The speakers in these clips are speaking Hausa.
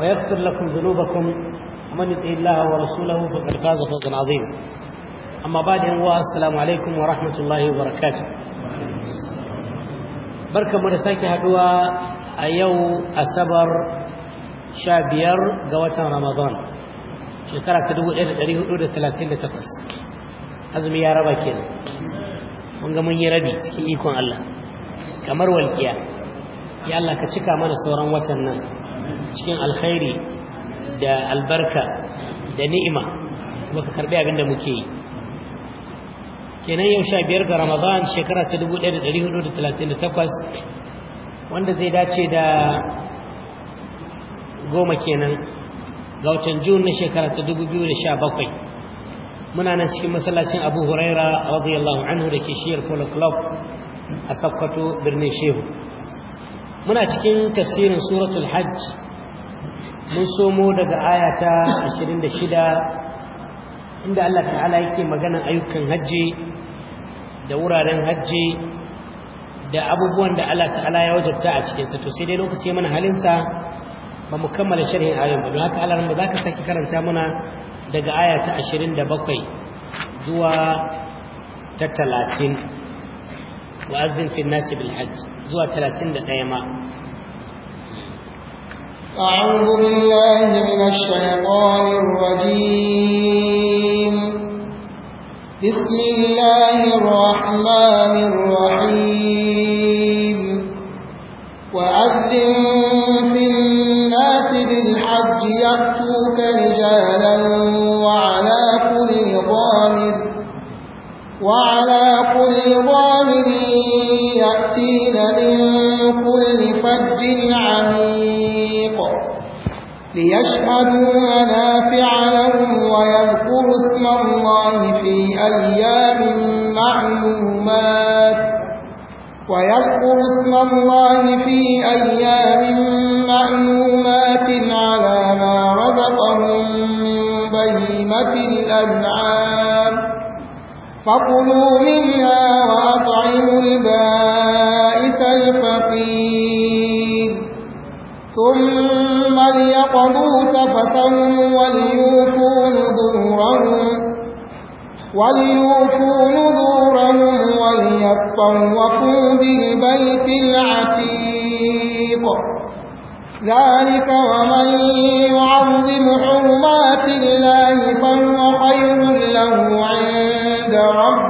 ويغفر لكم ذنوبكم ومن يطع الله ورسوله فقد فاز فوزا عظيما اما بعد السلام عليكم ورحمه الله وبركاته barka mu sake haduwa a yau a sabar sha biyar ga watan ramadan shekara ta dubu ɗaya da ɗari hudu da talatin da takwas azumi ya raba ke mun ga mun yi rabi cikin ikon allah kamar walƙiya ya allah ka cika mana sauran watan nan cikin alkhairi da albarka da ni'ima baka karbi abin da muke yi kenan yau sha biyar ga ramadan shekara ta 1438 wanda zai dace da goma kenan ga watan june na shekara ta 2017 muna nan cikin masallacin abu huraira radiyallahu anhu da ke shiyar polo club a sakkwato birnin shehu muna cikin tafsirin suratul hajj mun somo daga ayata 26 inda Allah ta'ala yake maganan ayyukan hajji da wuraren hajji da abubuwan da Allah ta'ala ya wajabta a cikinsa to sai dai lokaci mana halinsa ba mu kammala sharhin ayoyin ba don haka Allah ne za ka saki karanta muna daga ayata 27 zuwa ta 30 wa'azzin fi nasi bil hajj zuwa talatin da ɗaya أعوذ بالله من الشيطان الرجيم بسم الله الرحمن الرحيم وأذن في الناس بالحج يأتوك رجالا وعلى كل ضامر وعلى كل ضامر يأتين من كل فج عميق ليشهدوا منافع لهم ويذكروا اسم الله في أيام معلومات ويذكر اسم الله في أيام معلومات على ما رزقهم من بهيمة الأنعام فكلوا منها وأطعموا البائس الفقير ثم ليقضوا تفتهم وليوفوا نذورهم وليوفوا نذورهم وليطوفوا بالبيت العتيق ذلك ومن يعلم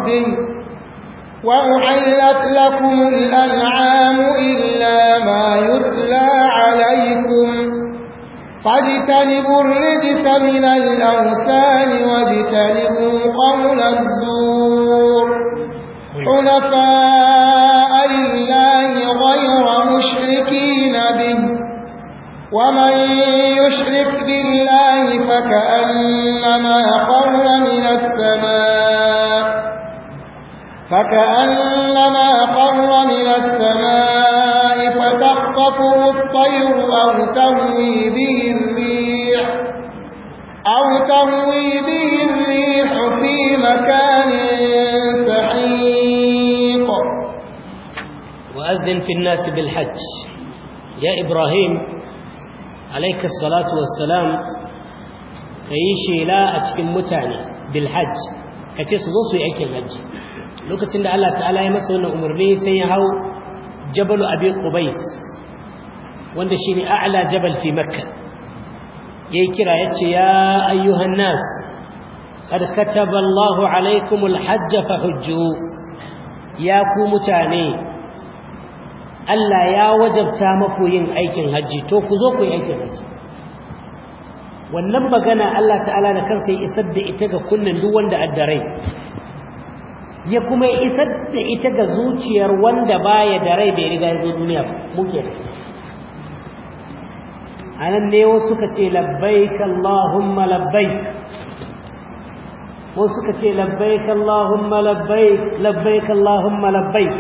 ربه وأحلت لكم الأنعام إلا ما يتلى عليكم فاجتنبوا الرجس من الأوثان واجتنبوا قول الزور حنفاء لله غير مشركين به ومن يشرك بالله فكأنما خر من السماء فكأنما قر من السماء فتخطفه الطير أو تهوي به الريح أو تهوي به الريح في مكان سحيق وأذن في الناس بالحج يا إبراهيم عليك الصلاة والسلام كيشي لا أشكي متعني بالحج كتسلصي أكل الحج lokacin da Allah ta'ala ya masa wannan umarni sai ya hau jabalu abi qubais wanda shine a'la jabal fi makka yayi kira yace ya ayyuhan nas qad kataba Allahu alaykumul hajj fahujju ya ku mutane Allah ya wajabta maku yin aikin haji to ku zo ku yi aikin haji wannan magana Allah ta'ala da kansa ya isar da ita ga kunnan duk wanda addarai ya kuma isar da ita ga zuciyar wanda baya da rai bai riga ya zo duniya ba muke da a nan ne wasu suka ce labbaik Allahumma labbaik wasu suka ce labbaik Allahumma labbaik labbaik Allahumma labbaik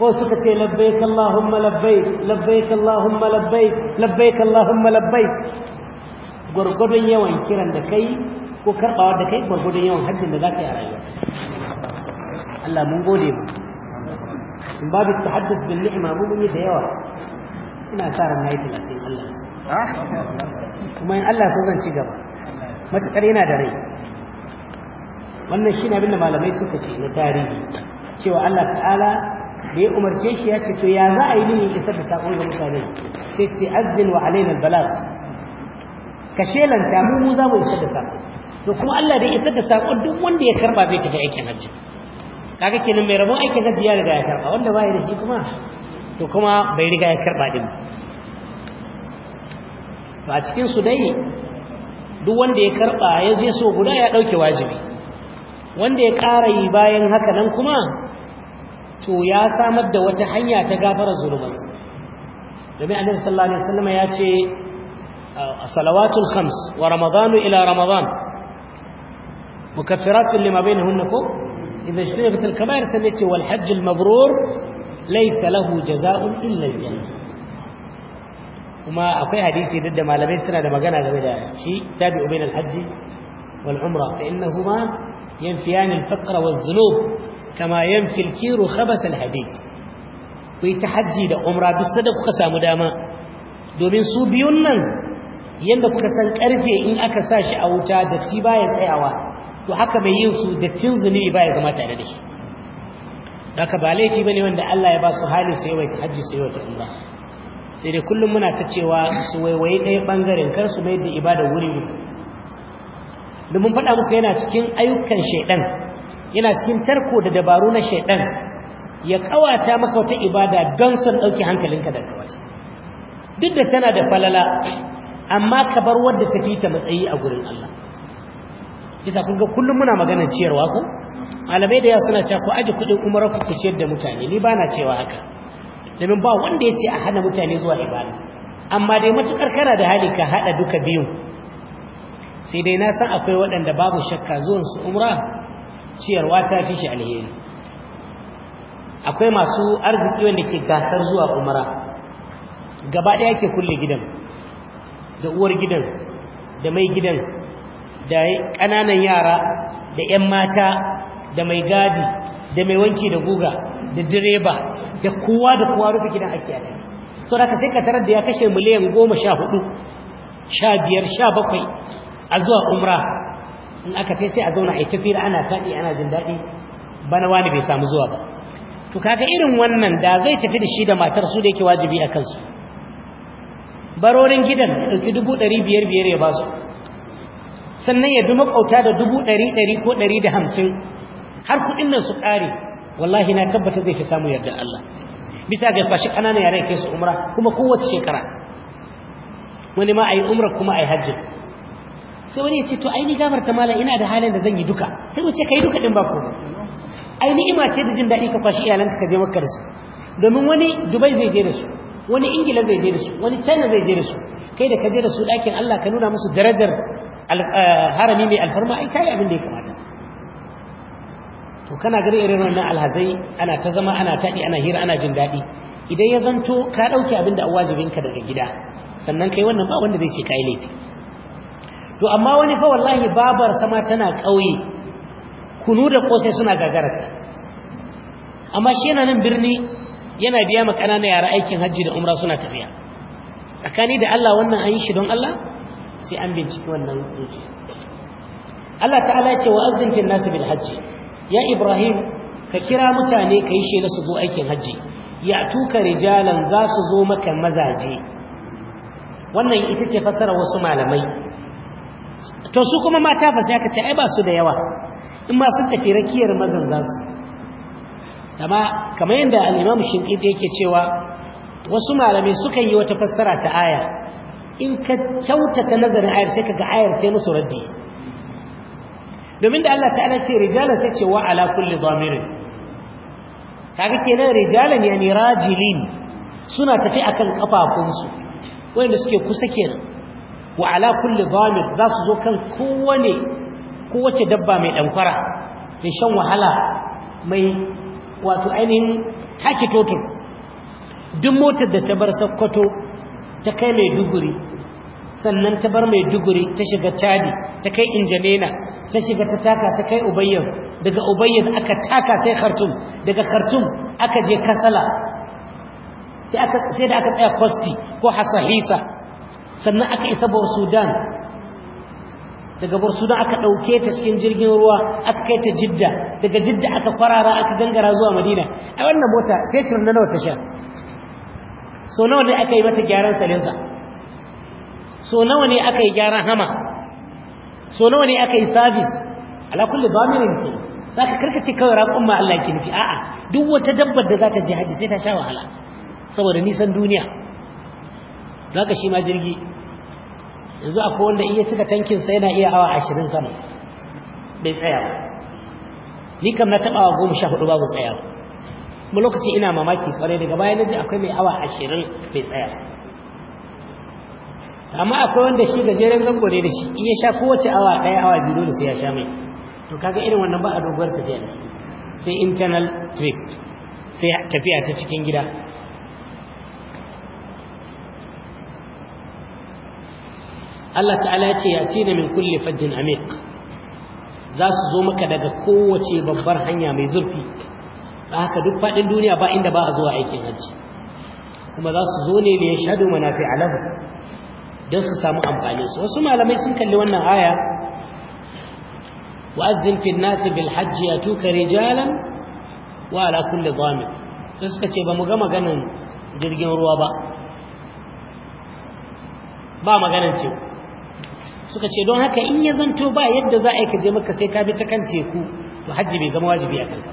wasu suka ce labbaik Allahumma labbaik labbaik Allahumma labbaik labbaik Allahumma labbaik gurgudun yawan kiran da kai ko karbawa da kai gurgudun yawan haddin da za ka yi a rayuwa Allah mun gode mu in babu tahaddus bin ni'ima mu mun yi da yawa ina sa ran nayi talatin Allah su ah? kuma in Allah so zan ci gaba matakar yana da rai wannan shine abin da malamai suka ce na tarihi cewa Allah ta'ala da ya umarce shi ya ce to ya za a yi mini isar da sakon ga mutane sai ce azzin wa alaina albalag ka shelanta mu mu za mu isar da sakon to kuma Allah da ya isar da sakon duk wanda ya karba zai tafi aikin hajji kaga kenan mai rabon aikin gaji ya riga ya karba wanda bai da shi kuma to kuma bai riga ya karba din ba a cikin su dai duk wanda ya karba ya je so guda ya dauke wajibi wanda ya ƙara yi bayan haka nan kuma to ya samar da wata hanya ta gafarar zunubansa domin annabi sallallahu alaihi wasallam ya ce salawatul khams wa ramadanu ila ramadan mukaffiratun lima bainahunna ko إذا اجتنبت الكبائر سنتي والحج المبرور ليس له جزاء إلا الجنة kuma akwai hadisi duk da malamai suna da magana game da shi tabi'u bain al-hajj wal umra fa innahuma yanfiyan kama yanfi al-kiru khabath al-hadid ku yi tahajji da umra kuka samu dama domin su biyun nan yadda kuka san karfe in aka sa shi a wuta datti ti baya tsayawa to haka mai yin su dattin zunubi ba ya zama tare da shi haka ba laifi bane wanda Allah ya ba su hali su yawaita hajji su yawaita umra sai dai kullum muna ta cewa su waiwaye ɗaya bangaren kar su mai da ibada wuri mun faɗa muku yana cikin ayyukan shaiɗan yana cikin tarko da dabaru na shaiɗan ya kawata maka wata ibada don son ɗauki hankalinka da kawata duk da tana da falala amma ka bar wadda ta fita matsayi a gurin Allah kisa kun ga kullum muna magana ciyarwa ko malamai da yawa suna cewa ku aje kuɗin umara ku ciyar da mutane ni ba na cewa haka domin ba wanda ya ce a hana mutane zuwa ibada amma dai matukar kana da hali ka haɗa duka biyu sai dai na san akwai waɗanda babu shakka zuwan su umra ciyarwa ta fi shi alheri akwai masu arziki wanda ke gasar zuwa umra gaba ɗaya ke kulle gidan da uwar gidan da mai gidan da ƙananan yara da 'yan mata da mai gadi da mai wanki da guga da direba da kowa da kowa rufe gidan ake a ciki so da ka sai ka tarar da ya kashe miliyan goma sha hudu sha biyar sha bakwai a zuwa umra in aka sai sai a zauna a da ana taɗi ana jin daɗi bana wani bai samu zuwa ba to kaga irin wannan da zai tafi da shi da matar su da yake wajibi a kansu barorin gidan ɗauki dubu ɗari biyar biyar ya ba su sannan ya bi makauta da dubu ɗari ɗari ko ɗari da hamsin har kuɗin nan su ƙare wallahi na tabbata zai fi samu yarda Allah bisa ga kwashi ƙananan yaran kai su umra kuma kowace shekara wani ma a yi umra kuma a yi hajji sai wani ya ce to ai ni gabar ta mala ina da halin da zan yi duka sai mu ce kai duka din ba ko ai ni'ima ce da jin daɗi ka kwashi iyalanka ka je makka da su domin wani dubai zai je da su wani ingila zai je da su wani china zai je da su kai da ka je da su ɗakin allah ka nuna musu darajar Eh, harami mai alfarma ai kai abin da ya kamata to kana gari irin wannan alhazai ana ta zama ana taɗi ana hira ana jin daɗi idan ya zanto ka ɗauke abin da wajibinka daga gida sannan kai wannan ba wanda zai ce kai laifi to amma wani fa wallahi babar sama tana ƙauye kunu da kosai suna gagarata amma shi yana nan birni yana biya ma ƙananan yara aikin hajji da umra suna tafiya tsakani da Allah wannan an yi shi don Allah sai an binciki wannan zuciya Allah ta'ala ce wa azzin fil nas bil hajj ya ibrahim ka kira mutane kai shela su zo aikin hajji ya tuka rijalan za su zo maka mazaje wannan ita ce fasara wasu malamai to su kuma mata fa sai aka ce ai ba su da yawa in ma sun tafi rakiyar mazan su amma kamar yadda al-imam shinkiti yake cewa wasu malamai sukan yi wata fassara ta aya in ka kyautata nazarin ayar ka ga ayar ta musu raddi domin da Allah ta'ala ce rijalan sai ce wa ala kulli dhamirin kaga kenan rijalan yani rajilin suna tafi akan kafafunsu wanda suke kusa kenan wa ala kulli dhamir za su zo kan kowane kowace dabba mai dankwara mai shan wahala mai wato ainihin take totu duk motar da ta bar sakkwato ta kai mai duguri sannan ta bar mai duguri ta shiga cadi ta kai injamena ta shiga ta taka ta kai ubayyan daga ubayyan aka taka sai khartum daga khartum aka je kasala sai da aka tsaya kosti ko hasahisa sannan aka isa bor sudan daga bor sudan aka ɗauke ta cikin jirgin ruwa aka kai ta jidda daga jidda aka kwarara aka gangara zuwa madina a wannan mota fetur na nawa ta sha so nawa ne aka yi mata gyaran salinsa so nawa ne aka yi gyaran hama so nawa ne aka yi sabis ala kulli damirin ke za ka karkace kawai raƙon ma Allah ki nufi a'a duk wata dabbar da za ta je haji sai ta sha wahala saboda nisan duniya za ka shi ma jirgi yanzu akwai wanda iya cika tankinsa yana iya awa ashirin sama bai tsaya ni kam na taɓa wa goma sha hudu babu tsaya mu lokaci ina mamaki kwarai daga baya na ji akwai mai awa ashirin bai tsaya amma akwai wanda shi gajeren zango ne da shi in ya sha kowace awa ɗaya awa biyu dole sai ya sha mai to kaga irin wannan ba a doguwar tafiya da shi sai internal trip sai tafiya ta cikin gida Allah ta'ala ya ce ya tina min kulli fajjin amiq za su zo maka daga kowace babbar hanya mai zurfi haka duk faɗin duniya ba inda ba a zuwa aikin hajji kuma za su zo ne ne ya shaɗu manafi alahu don su samu amfaninsu, wasu malamai sun kalli wannan aya wa'azzin fi nasi bil hajji ya tuka rijalan wa ala kulli dhamin sai suka ce ba mu ga maganan jirgin ruwa ba ba maganan ce suka ce don haka in ya zanto ba yadda za a yi ka je maka sai ka bi ta kan teku to hajji bai zama wajibi a kanka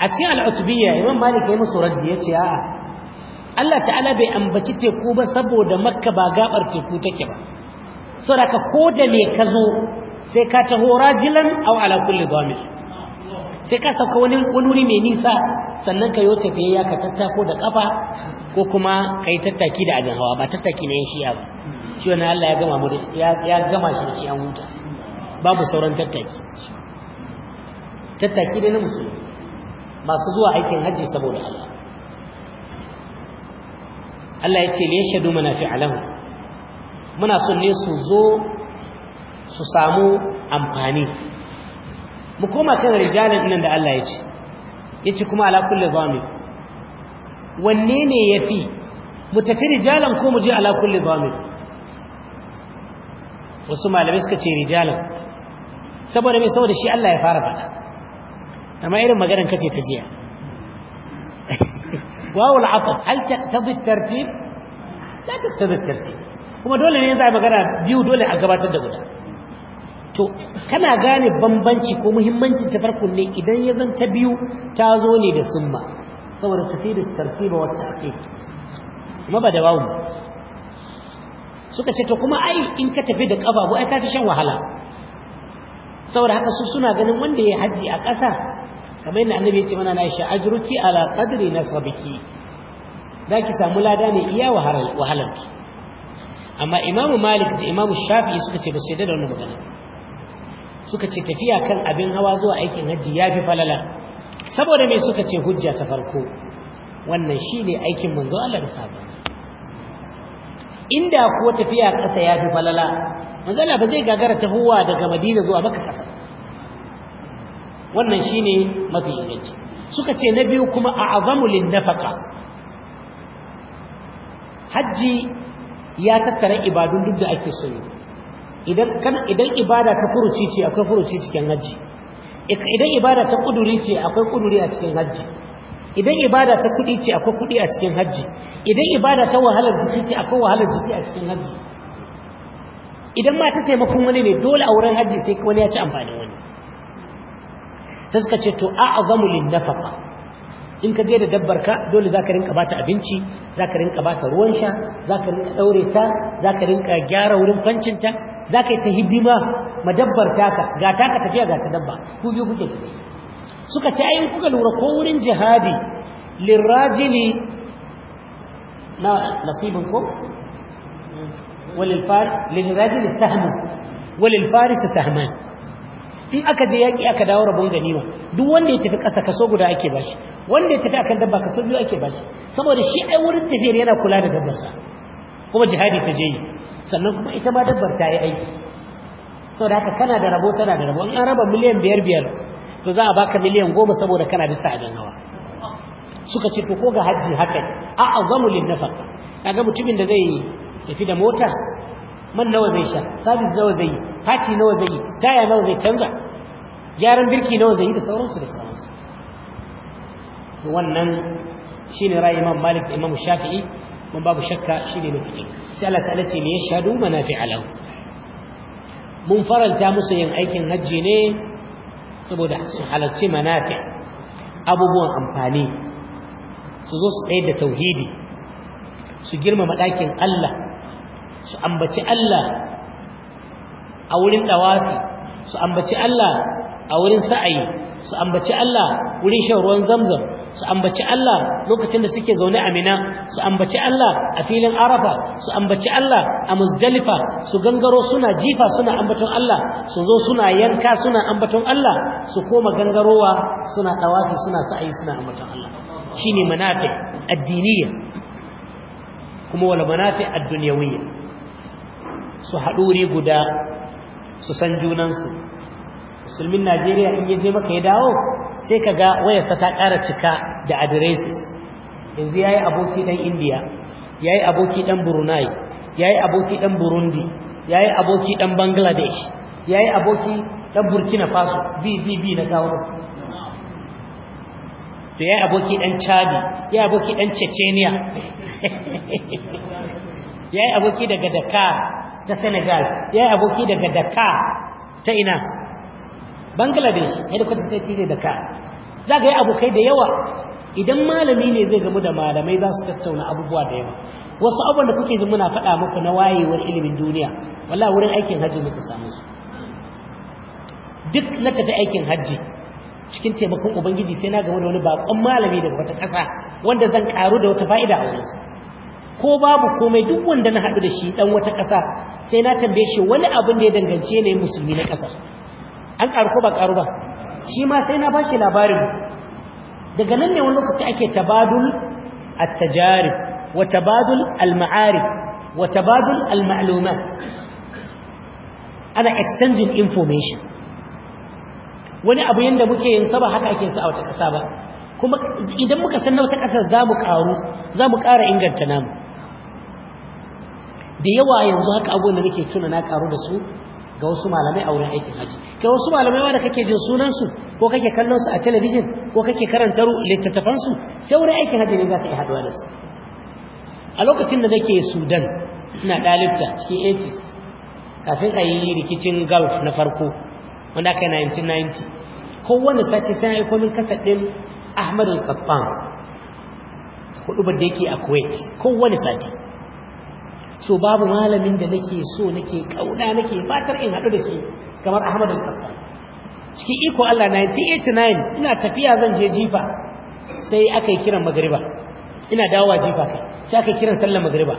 a cikin al'utubiyya imam malik ya musu raddi ya ce a'a Allah ta'ala bai ambaci teku ba saboda makka ba gabar teku take ba saboda ko da me ka zo sai ka taho rajilan aw ala kulli dhamir sai ka sauka wani wuri mai nisa sannan ka yo tafiya ka tattako da kafa ko kuma kai tattaki da abin hawa ba tattaki ne shi ba shi wannan Allah ya gama mu ya gama shi shi an huta babu sauran tattaki tattaki da na musulmi masu zuwa aikin hajji saboda Allah Allah ya ce li yashhadu manafi'alahu muna son ne su zo su samu amfani mu koma kan rijalin nan da Allah ya ce ya yace kuma ala kulli zamir wanne ne ya fi mu tafi rijalin ko mu je ala kulli zamir wasu malamai suka ce rijalin saboda me saboda shi Allah ya fara faɗa amma irin maganar kace ta jiya واو العطف هل تقتضي الترتيب لا تقتضي الترتيب kuma dole ne za magana biyu dole a gabatar da guda to kana gane bambanci ko muhimmanci ta farko ne idan ya zanta biyu ta zo ne da summa saboda tafsirin tartiba wata ake kuma ba da wawu suka ce to kuma ai in ka tafi da kafa ai ka fi shan wahala saboda haka su suna ganin wanda ya haji a ƙasa kamar yadda annabi ya ce mana na Aisha ajruki ala qadri nasabiki za ki samu lada ne iya wahalarki amma imamu malik da imamu shafi'i suka ce ba sai da wannan magana suka ce tafiya kan abin hawa zuwa aikin hajji ya fi falala saboda me suka ce hujja ta farko wannan shine aikin manzo Allah da sabon inda kuwa tafiya ƙasa ya fi falala manzo Allah ba zai gagara tahowa daga madina zuwa maka ƙasa wannan shine mafi inganci suka ce na biyu kuma a'zamu na nafaka hajji ya tattara ibadun duk da ake so idan idan ibada ta furuci ce akwai furuci cikin hajji idan ibada ta kuduri ce akwai kuduri a cikin hajji idan ibada ta kudi ce akwai kudi a cikin hajji idan ibada ta wahalar jiki ce akwai wahalar jiki a cikin hajji idan ma ta taimakon wani ne dole a wurin hajji sai wani ya ci amfanin wani sai suka ce to a'zamu lin nafaqa in ka je da dabbar ka dole zaka rinka bata abinci zaka rinka bata ruwan sha zaka rinka daure ta zaka rinka gyara wurin kwancin ta zaka yi ta hidima madabbar ka, ga ta ka tafiya ga ta dabba ku biyu kuke tafi suka ce ayin kuka lura ko wurin jihadi lirajili na nasibin ko walil fari lirajili sahmu walil faris sahman in aka je yaƙi aka dawo rabon ganima duk wanda ya tafi kasa kaso guda ake bashi wanda ya tafi akan dabba kaso biyu ake bashi saboda shi ai wurin tafiyar yana kula da dabbarsa kuma jihadi ta je yi sannan kuma ita ma dabbar ta yi aiki saboda haka kana da rabo tana da rabo in an raba miliyan biyar biyar to za a baka miliyan goma saboda kana bisa a nawa suka ce to ko ga hajji haka a azamu lin nafaka kaga mutumin da zai tafi da mota man nawa zai sha sabis nawa zai yi faci nawa zai yi taya nawa zai canza gyaran birki nawa zai yi da sauransu da sauransu Wannan shi ne ra'ayi imam malik da imam shafi'i man babu shakka shi shine mafi sai Allah ta'ala ce me ya shahadu manafi'a lahu mun faranta musu yin aikin hajji ne saboda su halarci manafi abubuwan amfani su zo su tsaye da tauhidi su girmama ɗakin Allah su ambaci Allah a wurin dawafi su ambaci Allah a wurin sa'ayi su ambaci Allah wurin shan ruwan zamzam su ambaci Allah lokacin da suke zaune a Mina su ambaci Allah a filin Arafa su ambaci Allah a Muzdalifa su gangaro suna jifa suna ambaton Allah su zo suna yanka suna ambaton Allah su koma gangarowa suna dawafi suna sa'ayi suna ambaton Allah shine manafi addiniya kuma wala manafi addunyawiyya su haɗuri guda su san junansu musulmin najeriya in yaje maka ya dawo sai ka ga wayarsa ta ƙara cika da adiresis yanzu ya yi aboki ɗan indiya ya yi aboki ɗan brunei ya yi aboki ɗan burundi ya yi aboki ɗan bangladesh ya yi aboki ɗan burkina faso bbb na kawo to ya yi aboki ɗan chadi ya yi aboki ɗan chechenia ya yi aboki daga dakar ta Senegal ya yi aboki daga Dakar ta ina Bangladesh ya da ta ce Dakar za ka yi abokai da yawa idan malami ne zai gamu da malamai za su tattauna abubuwa da yawa wasu abubuwan da kuke ji muna faɗa muku na wayewar ilimin duniya wallah wurin aikin hajji muka samu su duk na tafi aikin hajji cikin taimakon ubangiji sai na gamu da wani bakon malami daga wata ƙasa wanda zan ƙaru da wata fa'ida a wurinsa ko babu komai duk wanda na haɗu da shi ɗan wata ƙasa sai na tambaye shi wani abin da ya dangance ne musulmi na ƙasa. an ƙaru ko ba ƙaru ba shi ma sai na ba shi labarin daga nan ne wani lokaci ake tabadul attajari, tajarib wa tabadul al-ma'arif wa tabadul al-ma'lumat ana exchanging information wani abu yadda muke yin saba haka ake sa a wata ƙasa ba kuma idan muka san na wata ƙasar za mu ƙaru za mu ƙara inganta namu da yawa yanzu haka abubuwan da nake tuna na karu da su ga wasu malamai a wurin aikin haji Ga wasu malamai ma da kake jin sunansu ko kake kallon su a talabijin ko kake karantar littattafansu sai wurin aikin haji ne za ka yi haduwa da su a lokacin da nake sudan ina dalibta cikin 80s kafin a yi rikicin gulf na farko wanda aka yi 1990 kowane sati sai na kasar ɗin Ahmadu kaffan hudu da yake a kuwait kowane sati so babu malamin da nake so nake kauna nake fatar in haɗu da shi kamar Ahmad al-Qassam cikin iko Allah 1989 ina tafiya zan je jifa sai aka yi kiran magriba ina dawowa jifa kai sai aka yi kiran sallar magriba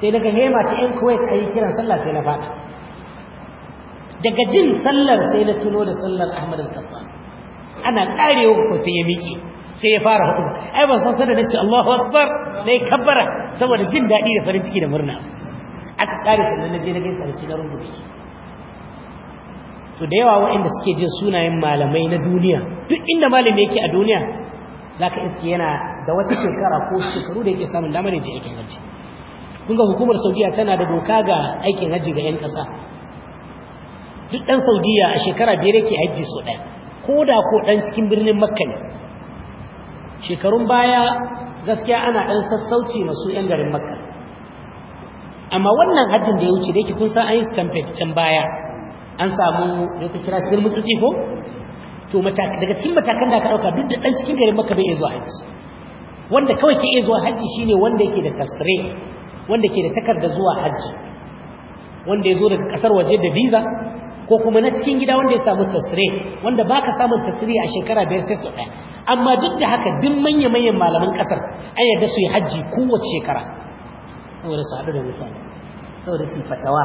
sai daga hema ta yan Kuwait ayi kiran sallah sai na faɗa daga jin sallar sai na tuno da sallar Ahmad al-Qassam ana karewa ko sai ya miƙe sai ya fara hudu ai ban san sanin nace Allahu akbar dai kabbara saboda jin dadi da farin ciki da murna aka kare sannan naje na gaisa da shi na to da yawa waɗanda suke jin sunayen malamai na duniya duk inda malami yake a duniya zaka iske yana da wata shekara ko shekaru da yake samun damar yin aikin haji kun ga hukumar Saudiya tana da doka ga aikin hajji ga 'yan kasa duk ɗan Saudiya a shekara biyar yake haji sau ɗaya ko da ko ɗan cikin birnin Makka ne shekarun baya gaskiya ana ɗan sassauci masu 'yan garin makka amma wannan hajjin da ya wuce da yake kun san an yi stampede can baya an samu da ta kira cikin musulci ko to daga cikin matakan da aka ɗauka duk da ɗan cikin garin makka bai iya zuwa hajji wanda kawai ke iya zuwa hajji shine wanda yake da tasre wanda ke da takarda zuwa hajji wanda ya zo daga ƙasar waje da visa ko kuma na cikin gida wanda ya samu tasre wanda baka samun tasiri a shekara biyar sai su ɗaya amma duk da haka duk manya manyan malaman kasar an da su yi hajji kowace shekara saboda su haɗu da mutane saboda su fatawa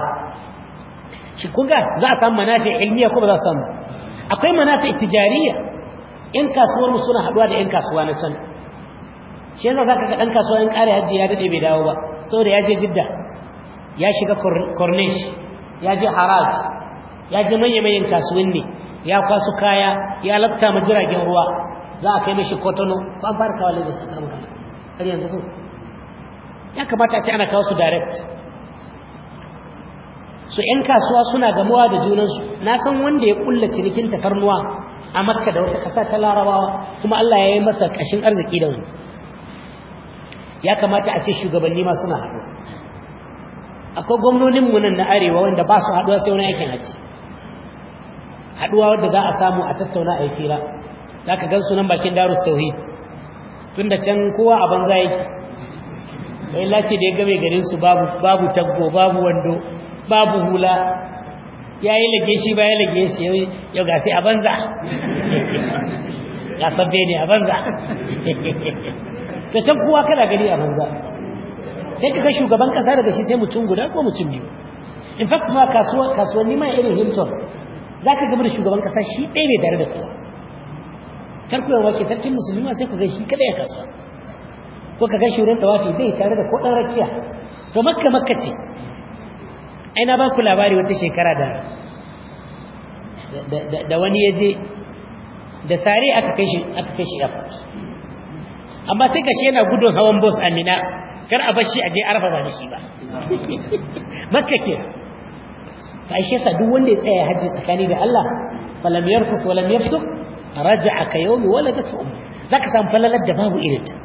shi kunga za a samu manafi ilmiya ko ba za a samu akwai manafi tijariya yan kasuwar mu suna haɗuwa da yan kasuwa na can shi yasa ka ga dan kasuwa in kare hajji ya dade bai dawo ba saboda ya je jidda ya shiga corniche ya je haraj ya je manya manyan kasuwanni ya kwasu kaya ya lafta ma jiragen ruwa za a kai mishi kotono ba an fara kawo lagos kan har yanzu ko ya kamata ce ana kawo su direct su yan kasuwa suna gamuwa da junansu na san wanda ya kulla cinikin takarnuwa a makka da wata kasa ta larabawa kuma allah ya yi masa kashin arziki da wani ya kamata a ce shugabanni ma suna haɗuwa akwai gwamnonin mu nan na arewa wanda ba su haɗuwa sai wani aikin haji haɗuwa wadda za a samu a tattauna a yi hira. za ka gan sunan bakin daru tauhid tun da can kowa a banza yake bai lati da ya game garinsu babu taggo babu wando babu hula ya yi lage shi ba ya lage shi yau ga sai a banza ya sabbe ne a banza da can kowa kada gani a banza sai ka shugaban kasa daga shi sai mutum guda ko mutum biyu in fact ma kasuwanni ma irin hilton za ka gaba da shugaban kasa shi ɗaya mai tare da kowa tarkowa ke sarkin musulma sai ku ga shi kada ya kasuwa ko ka ga shi wurin tawafi bai tare da ko dan rakiya to makka makka ce ai na ba ku labari wata shekara da da wani ya je da sare aka kai shi aka kai shi airport amma sai ka shi yana gudun hawan bus a Mina kar a bar shi a je Arafa ba da shi ba makka ke ta shi yasa duk wanda ya tsaya hajji tsakani da Allah falam yarkus walam yafsuk raja'a ka yawmi waladatu ummu zaka samu falalar da babu irin ta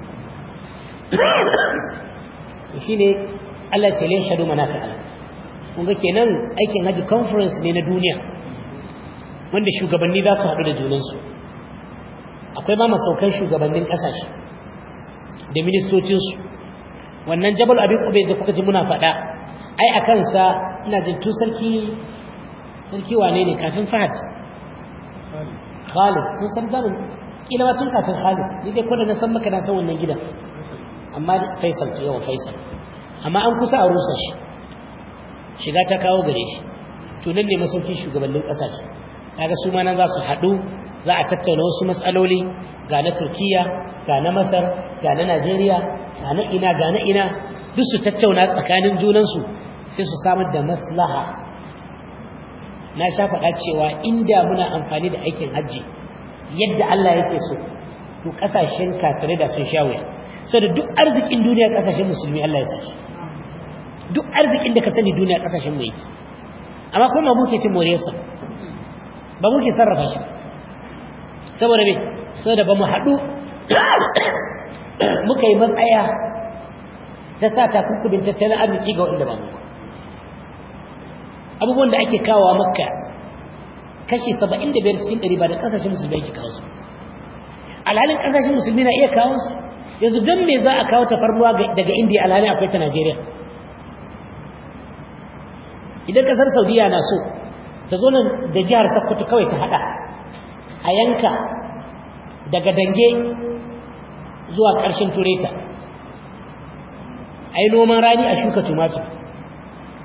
ne Allah ya tsale shadu manaka Allah kun kenan aikin hajji conference ne na duniya wanda shugabanni za su haɗu da junansu akwai ma masaukan shugabannin ƙasashe da ministocinsu wannan jabal abin kube da kuka ji muna faɗa ai a kansa ina jin tu sarki sarki wane ne kafin fahad Khalid kun san zaman kila ma tun kafin Khalid ni dai ko na san maka na san wannan gidan amma Faisal ke yawa Faisal amma an kusa a rusa shi shiga ta kawo gare shi to nan ne masauki shugabannin kasashe kaga su ma nan za su haɗu za a tattauna wasu matsaloli ga na Turkiya ga na Masar ga na Najeriya ga na ina ga na ina duk su tattauna tsakanin junansu sai su samar da maslaha na sha faɗa cewa inda muna amfani da aikin hajji yadda Allah yake so to kasashen kafirai da sun sha wuya saboda duk arzikin duniya kasashen musulmi Allah ya sashi duk arzikin da ka sani duniya kasashen mu yake amma kuma mu ke cin moriyarsa ba mu ke sarrafa shi saboda me saboda ba mu haɗu muka yi matsaya ta sa takunkumin tattalin arziki ga wanda ba mu ba abubuwan da ake kawowa makka kashi 75 cikin 100 ba da kasashen musulmi ake kawo su alhalin kasashen musulmi na iya kawo su yanzu don me za a kawo tafarnuwa daga indiya alhalin akwai ta najeriya idan ƙasar saudiya na so ta zo nan da jihar sakkwato kawai ta hada a yanka daga dange zuwa ƙarshen tureta a yi noman rani a shuka tumatur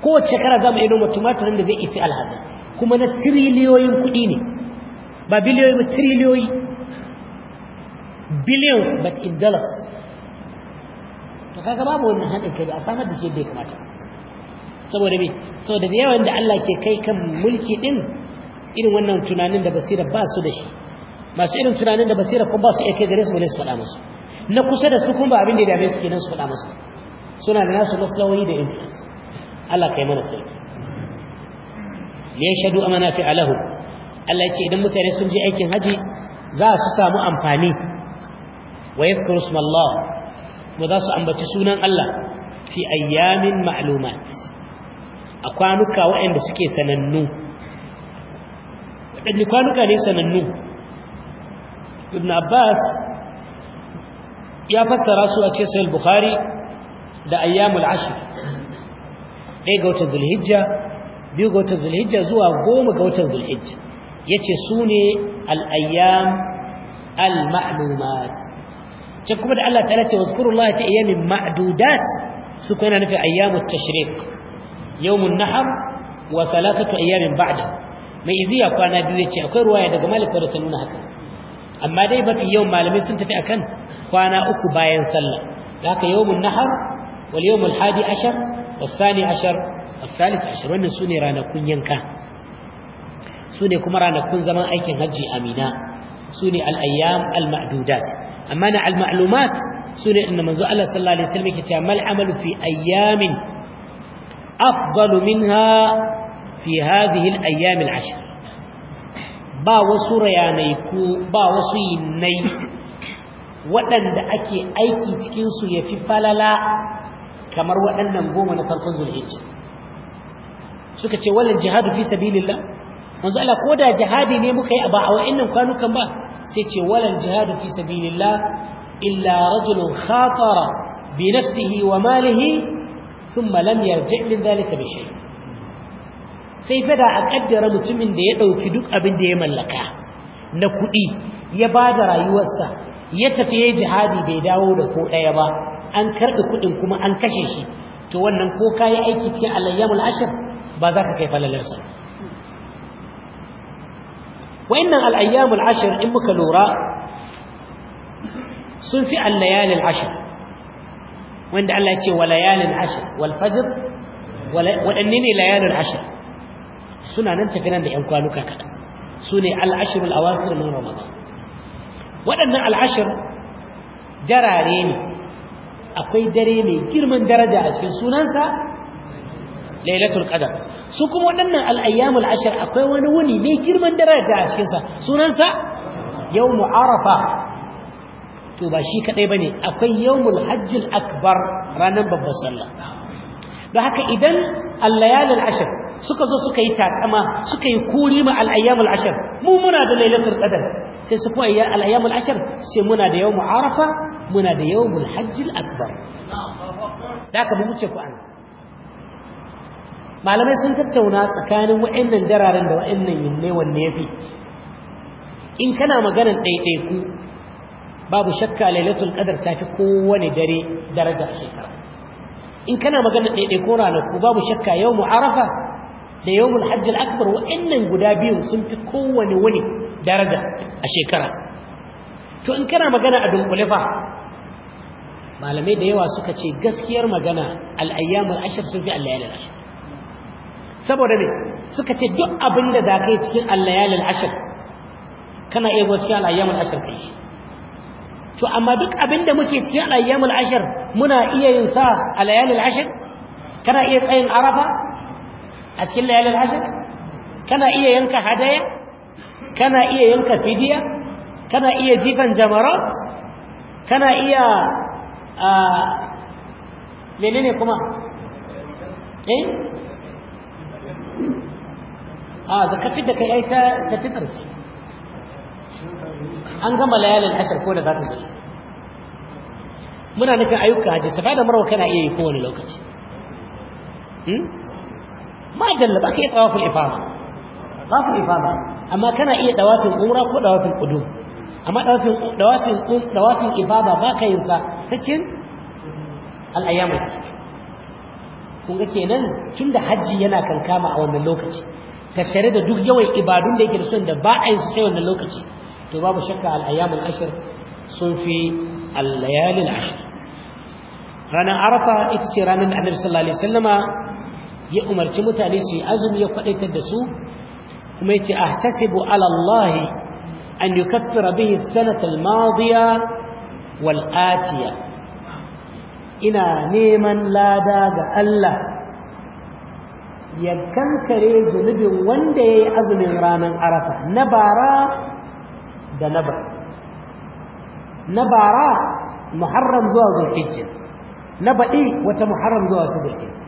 kowace shekara za mu iya noma tumatirin da zai isi alhazan kuma na tiriliyoyin kuɗi ne ba biliyoyi ba tiriliyoyi billions but in dollars to kaga babu wannan haɗin kai ba a samar da shi yadda ya kamata saboda me saboda da yawan da Allah ke kai kan mulki din irin wannan tunanin da basira ba su da shi masu irin tunanin da basira kuma ba su iya kai gare su ba ne su faɗa musu na kusa da su kuma ba abin da ya dame su kenan su faɗa musu suna da nasu maslahohi da influence Allah kai mana sauki li yashhadu amana fi alahu Allah ce idan mutane sun je aikin haji za su samu amfani wa yadhkuru ismallah mu za su ambaci sunan Allah fi ayyamin ma'lumat a kwanuka waɗanda suke sanannu waɗanda kwanuka ne sanannu ibn abbas ya fassara su a cikin bukhari da ayyamul ashr ɗaya ga watan zulhijja biyu ga watan zulhijja zuwa goma ga watan zulhijja ya ce su ne al'ayyam al-ma'lumat can kuma da Allah ta'ala ce wa zukurullah ta ayyamin ma'dudat su kuma yana nufin ayyamun tashrik yawmun nahar wa salatatu ayyamin ba'ada. mai izi ya kwana biyu ya ce akwai ruwaya daga malik wadda ta nuna haka amma dai mafi yau malamai sun tafi akan kwana uku bayan sallah da haka yawmun nahar wal yawmul hadi ashar والثاني عشر الثالث عشر wannan sune ranakun yanka sune kuma ranakun zaman aikin hajji amina sune al-ayyam al amma na al-ma'lumat sune inda manzo Allah sallallahu alaihi wasallam yake cewa fi ayyamin afdalu minha fi hadhihi al-ayyam al ba wasu rayanai ku ba wasu yinai waɗanda ake aiki cikinsu su yafi falala kamar waɗannan goma na farkon zulhijja suka ce wannan jihadu fi sabilillah manzo Allah ko da jihadi ne muka yi ba a wa'annan kwanukan ba sai ce walal jihadu fi sabilillah illa rajulun khatara bi nafsihi wa malihi thumma lam yarji' min dhalika bi shay sai fada a kaddara mutumin da ya dauki duk abin da ya mallaka na kuɗi ya bada rayuwarsa ya tafi jihadi bai dawo da ko ɗaya ba an karɓi kuɗin kuma an kashe shi to wannan ko ka yi aiki ce alayyamul ashir ba za ka kai falalarsa wa'annan al'ayyamul ashir in muka lura sun fi allayalil ashir wanda Allah ce wa layalil ashir wal fajr waɗanne ne layalil ashir suna nan tafi nan da ‘yan kwanuka kaɗan su ne al'ashirul awakir min ramadan waɗannan al'ashir darare ne akwai dare mai girman daraja a cikin sunansa lailatul qadar su kuma waɗannan al'ayyamul ashar akwai wani wuni mai girman daraja a cikinsa sunansa yawmu arafa to ba shi kaɗai ba ne akwai yawmul hajjil akbar ranar babbar sallah da haka idan allayalul ashar suka zo suka yi takama suka yi kuri ma al'ayyamul ashar mu muna da lailatul qadar sai su kuma al'ayyamul ashir sai muna da yawon mu'arafa muna da yawon hajjil akbar da aka mu wuce ku an malamai sun tattauna tsakanin wa'annan dararen da wa'annan yinne wanne yafi in kana maganar ɗaiɗaiku babu shakka lailatul ƙadar ta fi kowane dare darajar a shekara in kana maganar ɗaiɗaiko ranaku babu shakka yawmul mu'arafa. da yawmul hajj al-akbar wa'annan guda biyu sun fi kowane wani daraja a shekara to in kana magana a dunkule fa malamai da yawa suka ce gaskiyar magana al ashir sun fi allayalin ashir? saboda ne suka ce duk abin da za ka yi cikin allayalin ashir kana iya go cikin al-ayyamul ashr kai shi to amma duk abin da muke cikin al ashir muna iya yin sa al ashir? kana iya tsayin arafa a cikin layalin hajjar kana iya yanka hadaya kana iya yanka fidiya kana iya jifan jamarat kana iya menene kuma eh a zakafin da kai ai ta fitar ce an gama layalin ashir ko da za ta zai muna nufin ayyuka hajji safa da marwa kana iya yi kowane lokaci ma dalla ba ka yi tawaful ifama tawaful ifama amma kana iya tawafin umra ko tawafin qudum amma tawafin tawafin tawafin ifada ba ka yinsa sa cikin al-ayyamu kun ga kenan tunda haji yana kankama a wannan lokaci tattare da duk yawan ibadun da yake da son da ba a yi su sai wannan lokaci to babu shakka al al ashr sun fi al al ashr ranar arafa ita ce ranar da annabi sallallahu alaihi wasallama ya umarci mutane su yi azumi ya kwadaitar da su kuma yace ahtasibu ala Allah an yukaffira bihi as-sanata al ina neman lada ga Allah ya kankare zunubin wanda yayi azumin ranar Arafa na bara da na na bara muharram zuwa zulhijja na baɗi wata muharram zuwa zulhijja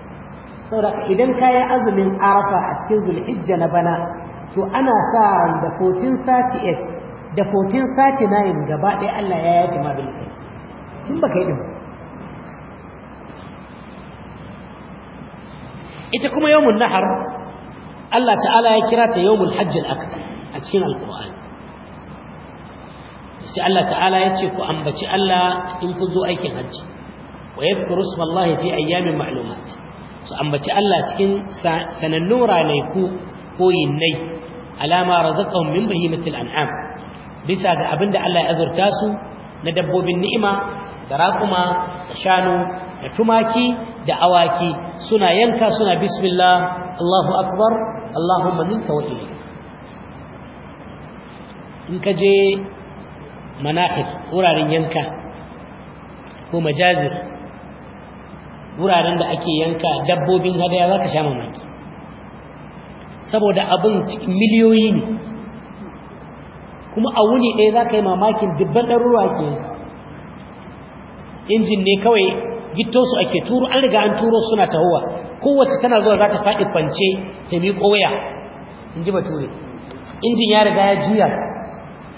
saboda idan ka yi azumin arafa a cikin zulhijja na bana to ana sa da 1438 da 1439 gaba ɗaya Allah ya yaƙi ma bil kai tun baka yi din ita kuma yawmun nahar Allah ta'ala ya kira ta yawmul hajj al a cikin alqur'ani sai Allah ta'ala ya ce ku ambaci Allah in ku zo aikin hajji wa yadhkuru isma Allah fi ayyamin ma'lumat su ambaci Allah cikin sanannun ranaiku ko yinnai alama razaqahum min bahimatil an'am bisa ga abinda Allah ya azurta su na dabbobin ni'ima da ra'quma, da shanu da tumaki da awaki suna yanka suna bismillah Allahu akbar Allahumma minka wa in ka je manahif wuraren yanka ko majazir wuraren da ake yanka dabbobin hadaya za ka sha mamaki saboda abin cikin miliyoyi ne kuma a wuni ɗaya za ka yi mamakin dubban ɗaruruwa ke injin ne kawai gito su ake turu, an riga an turo suna tahowa kowace tana zuwa za ta faɗi kwance ta miƙo waya in ji bature injin ya riga ya jiyar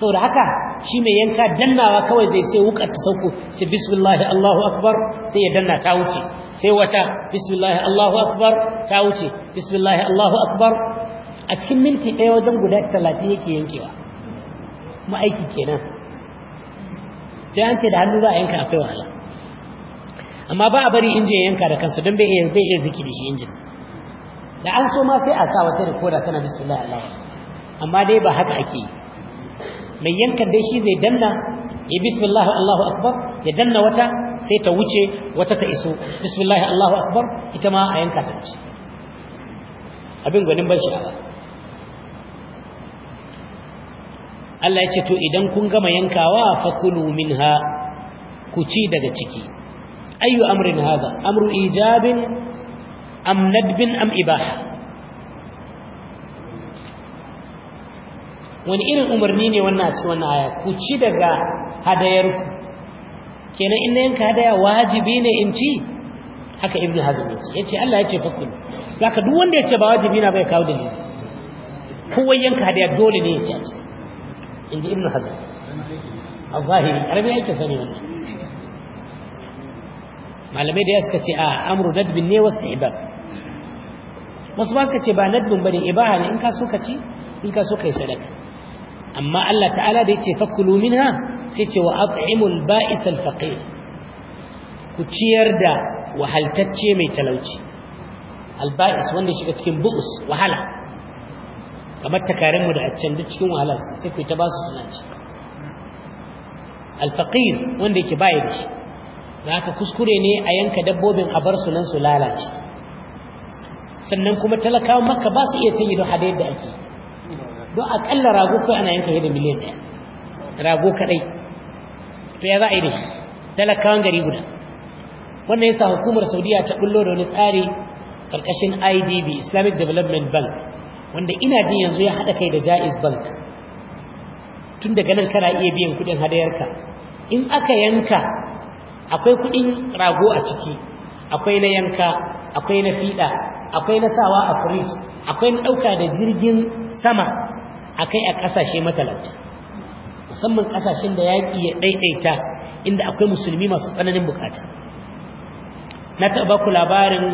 Sau da haka shi mai yanka dannawa kawai zai sai wukar ta sauko ce bismillah Allahu akbar sai ya danna ta wuce sai wata bismillah Allahu akbar ta wuce bismillah Allahu akbar a cikin minti ɗaya wajen guda talatin yake yankewa kuma aiki kenan da an ce da hannu za a yanka akwai wahala amma ba a bari injin yanka da kansa don bai iya zai iya da shi injin da an so ma sai a sa wata rikoda tana bismillah Allahu amma dai ba haka ake yi mai yankan dai shi zai danna ya bismillah Allahu akbar ya danna wata sai ta wuce wata ta iso bismillah Allahu akbar ita ma a yanka ta wuce abin gwanin ban sha'awa Allah ya ce to idan kun gama yankawa fa kulu minha ku ci daga ciki ayu amrin hada amru ijabin am nadbin am ibaha wani irin umarni ne wannan a ci wannan aya ku ci daga hadayarku kenan in yanka hadaya wajibi ne in ci haka ibnu hazm yace yace Allah yace fakul zaka duk wanda yace ba wajibi na bai kawo dalili wai yanka hadaya dole ne yace ci inji ibnu hazm al-zahiri arabi yake sani wannan malamai da suka ce a amru nadbin ne wasu ibab wasu ba suka ce ba nadbin bane ibaha ne in ka so ka ci in ka so ka yi sadaka amma Allah ta'ala da yace fakulu minha sai ce wa at'imul ba'is al faqir ku ciyar da wahaltacce mai talauci Alba'is wanda shiga cikin bu'us wahala kamar takarin mu da a can duk cikin wahala sai ku ta ba su suna ci al wanda yake baya da shi haka kuskure ne a yanka dabbobin a bar su nan su lalace sannan kuma talakawa maka ba su iya cin ido hada yadda ake don akalla rago kai ana yanka da miliyan ɗaya rago kaɗai to ya za a yi da shi talakawan gari guda wannan yasa hukumar saudiya ta bullo da wani tsari karkashin idb islamic development bank wanda ina jin yanzu ya haɗa kai da jaiz bank tun daga nan kana iya biyan kuɗin hadayarka in aka yanka akwai kuɗin rago a ciki akwai na yanka akwai na fiɗa akwai na sawa a firij akwai na ɗauka da jirgin sama A kai a kasashe matalauta musamman kasashen da yaƙi ya daidaita inda akwai musulmi masu tsananin bukata na taɓa ku labarin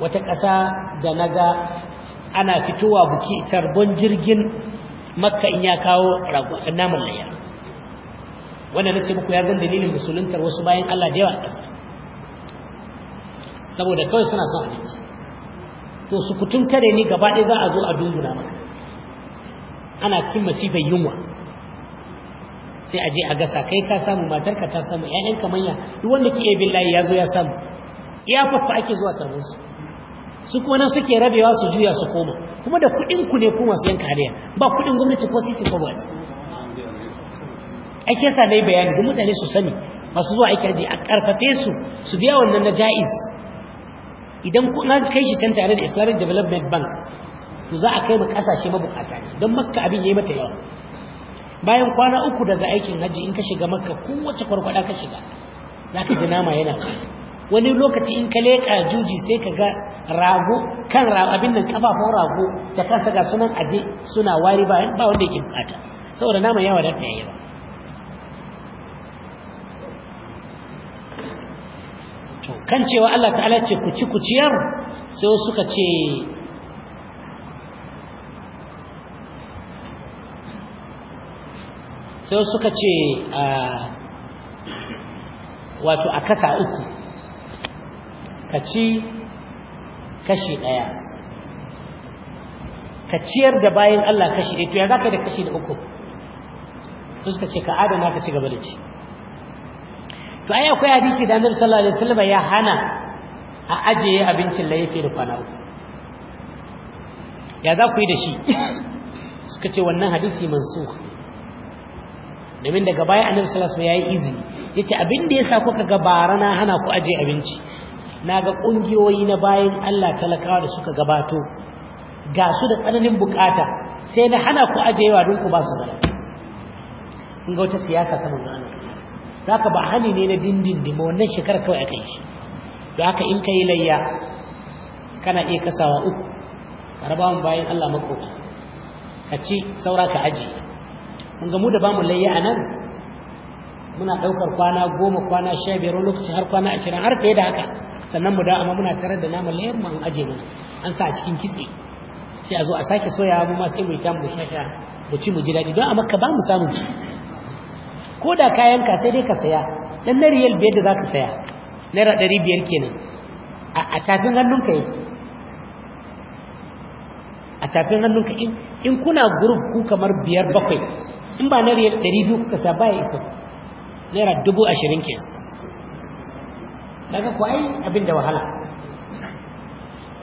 wata ƙasa da naga ana fitowa buki tarbon jirgin makka in ya kawo naman layar wanda na ce muku ya zan dalilin musuluntar wasu bayan Allah da yawa a ƙasa saboda kawai suna son abinci to su kutum tare ni gaba ɗaya za a zo a dunguna maka ana cin masifar yunwa sai a je a gasa kai ka samu matar ka ta samu ƴaƴanka manya duk wanda ke yi billahi ya zo ya samu iya fafa ake zuwa tarbin su kuma nan suke rabewa su juya su koma kuma da kuɗin ku ne kuma su yanka hadiya ba kuɗin gwamnati ko sisi ko ba ake sa dai bayani don mutane su sani masu zuwa aiki haji a karfafe su su biya wannan na jaiz idan kun kai shi can tare da islamic development bank to za a kai mu kasashe mabukata ne don makka abin yayi mata yawa bayan kwana uku daga aikin haji in ka shiga makka kowace kwarkwada ka shiga za ka ji nama yana wani lokaci in ka leka juji sai ka ga rago kan abin nan kafafun rago da kansa ga sunan aje suna wari ba ba wanda yake bukata saboda nama yawa da ta yi kan cewa Allah ta'ala ce ku ci ku ciyar sai suka ce sai suka ce ah, wato a kasa uku ka ci kashi ɗaya ka ciyar da bayan Allah kashi ɗaya to ya za ka da kashi da uku su suka ce ka adana ka ci gaba da ci to ai akwai hadisi da Annabi sallallahu alaihi wasallam ya hana a ajiye abincin laifi da kwana uku ya za ku yi da shi suka ce wannan hadisi mansukh domin daga baya annabi sallallahu alaihi wasallam yayi izini yace abin da yasa kuka ga barana hana ku aje abinci naga kungiyoyi na bayan Allah talakawa da suka gabato ga su da tsananin bukata sai na hana ku aje wa don ku ba su zalunci kun ga wata siyasa ta manzo Allah zaka ba hani ne na dindindin ba wannan shekara kawai akai shi don haka in kai layya kana iya kasawa uku rabawan bayan Allah makoki ka ci saura ka ajiye kun ga mu da bamu layya a nan muna ɗaukar kwana goma kwana sha biyar wani lokaci har kwana ashirin har fiye da haka sannan mu da amma muna tarar da namu layyar mu an aje mu an sa a cikin kitse sai a zo a sake soya mu ma sai mu yi tamu sha sha mu ci mu ji daɗi don a makka ba mu samun ci ko da kayan ka sai dai ka saya dan na riyal biyar da za ka saya naira ɗari biyar kenan a tafin hannunka yake a tafin hannunka in kuna gurup ku kamar biyar bakwai in ba na riyar ɗari biyu kuka ba baya isa naira dubu ashirin ke daga ku ai abin da wahala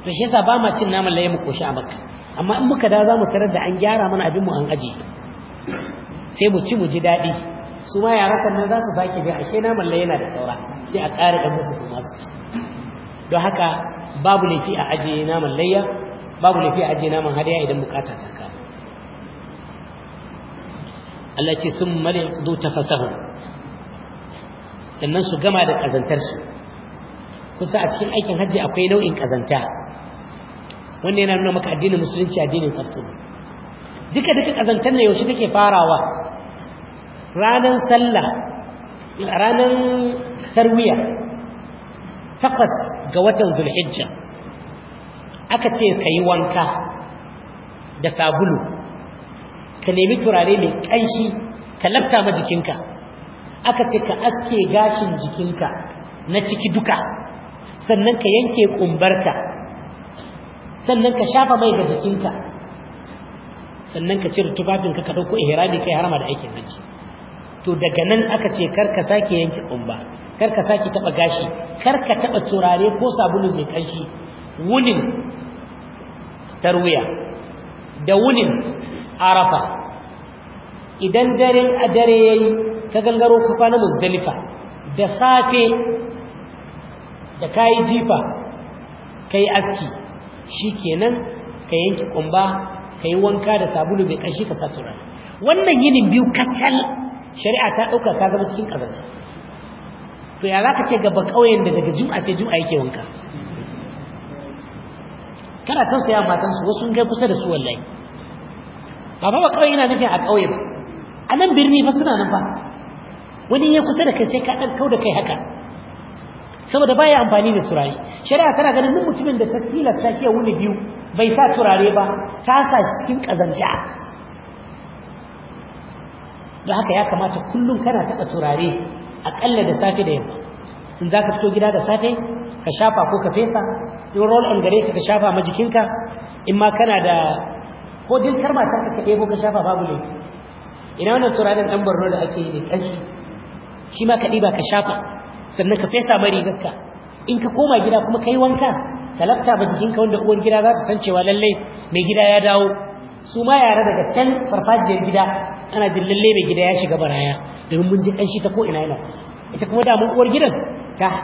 to shi yasa ba ma cin naman laye mu koshi a maka amma in muka da za mu tarar da an gyara mana abin mu an aji sai mu ci mu ji daɗi su ma yara sannan za su sake je ashe naman laye yana da saura sai a ƙara ɗan musu su masu ci don haka babu laifi a ajiye naman layya babu laifi a ajiye naman hadaya idan bukata ta kama Allah ce sun malin zu tafasahu sannan su gama da ƙazantarsu kusa a cikin aikin hajji akwai nau'in ƙazanta wannan yana nuna maka addinin musulunci addinin tsafta duka duka ƙazantar ne yaushe take farawa ranar sallah ranar tarwiya takwas ga watan zulhijja aka ce ka yi wanka da sabulu ka nemi turare mai ƙanshi ka lafta ma jikinka aka ce ka aske gashin jikinka na ciki duka sannan ka yanke ƙumbarka sannan ka shafa mai ga jikinka sannan ka cire tufafinka ka ɗauko ihrami kai harama da aikin hajji to daga nan aka ce karka sake yanke ƙumba karka sake taɓa gashi karka taɓa turare ko sabulu mai ƙanshi wunin tarwiya da wunin arafa idan dare a dare ya yi, ka gangaro ka na musdalifa da safe da ka yi jifa ka yi aski shi kenan, ka yanki kumba yi wanka da sabulu mai ƙarshe ka satura wannan yinin biyu kacal shari'a ta ɗauka ta zama cikin kazanta to ya za ka ce gaba ƙauyen da daga jum'a sai jum'a yake wanka kana ya matansu wasu ga kai kusa da su wallahi ba ba kawai ina nufin a ƙauye ba a nan birni fa suna nan ba wani ya kusa da kai sai ka ɗan kau kai haka saboda baya amfani da turare shari'a tana ganin duk mutumin da ta tilasta ke wuni biyu bai sa turare ba ta sa shi cikin ƙazanta don haka ya kamata kullum kana taɓa turare aƙalla da safe da yamma in za ka fito gida da safe ka shafa ko ka fesa in roll on gare ka ka shafa ma jikinka in ma kana da ko dilkar matar ka ko ka shafa babu ne ina wannan turanin dan barno da ake yi ne ƙanshi shi ma ka diba ka shafa sannan ka fesa mai rigarka in ka koma gida kuma ka yi wanka ka lafta ba jikinka wanda uwar gida za su san cewa lallai mai gida ya dawo su ma yara daga can farfajiyar gida ana jin lallai mai gida ya shiga baraya domin mun ji ƙanshi ta ko ina yana ita kuma da uwar gidan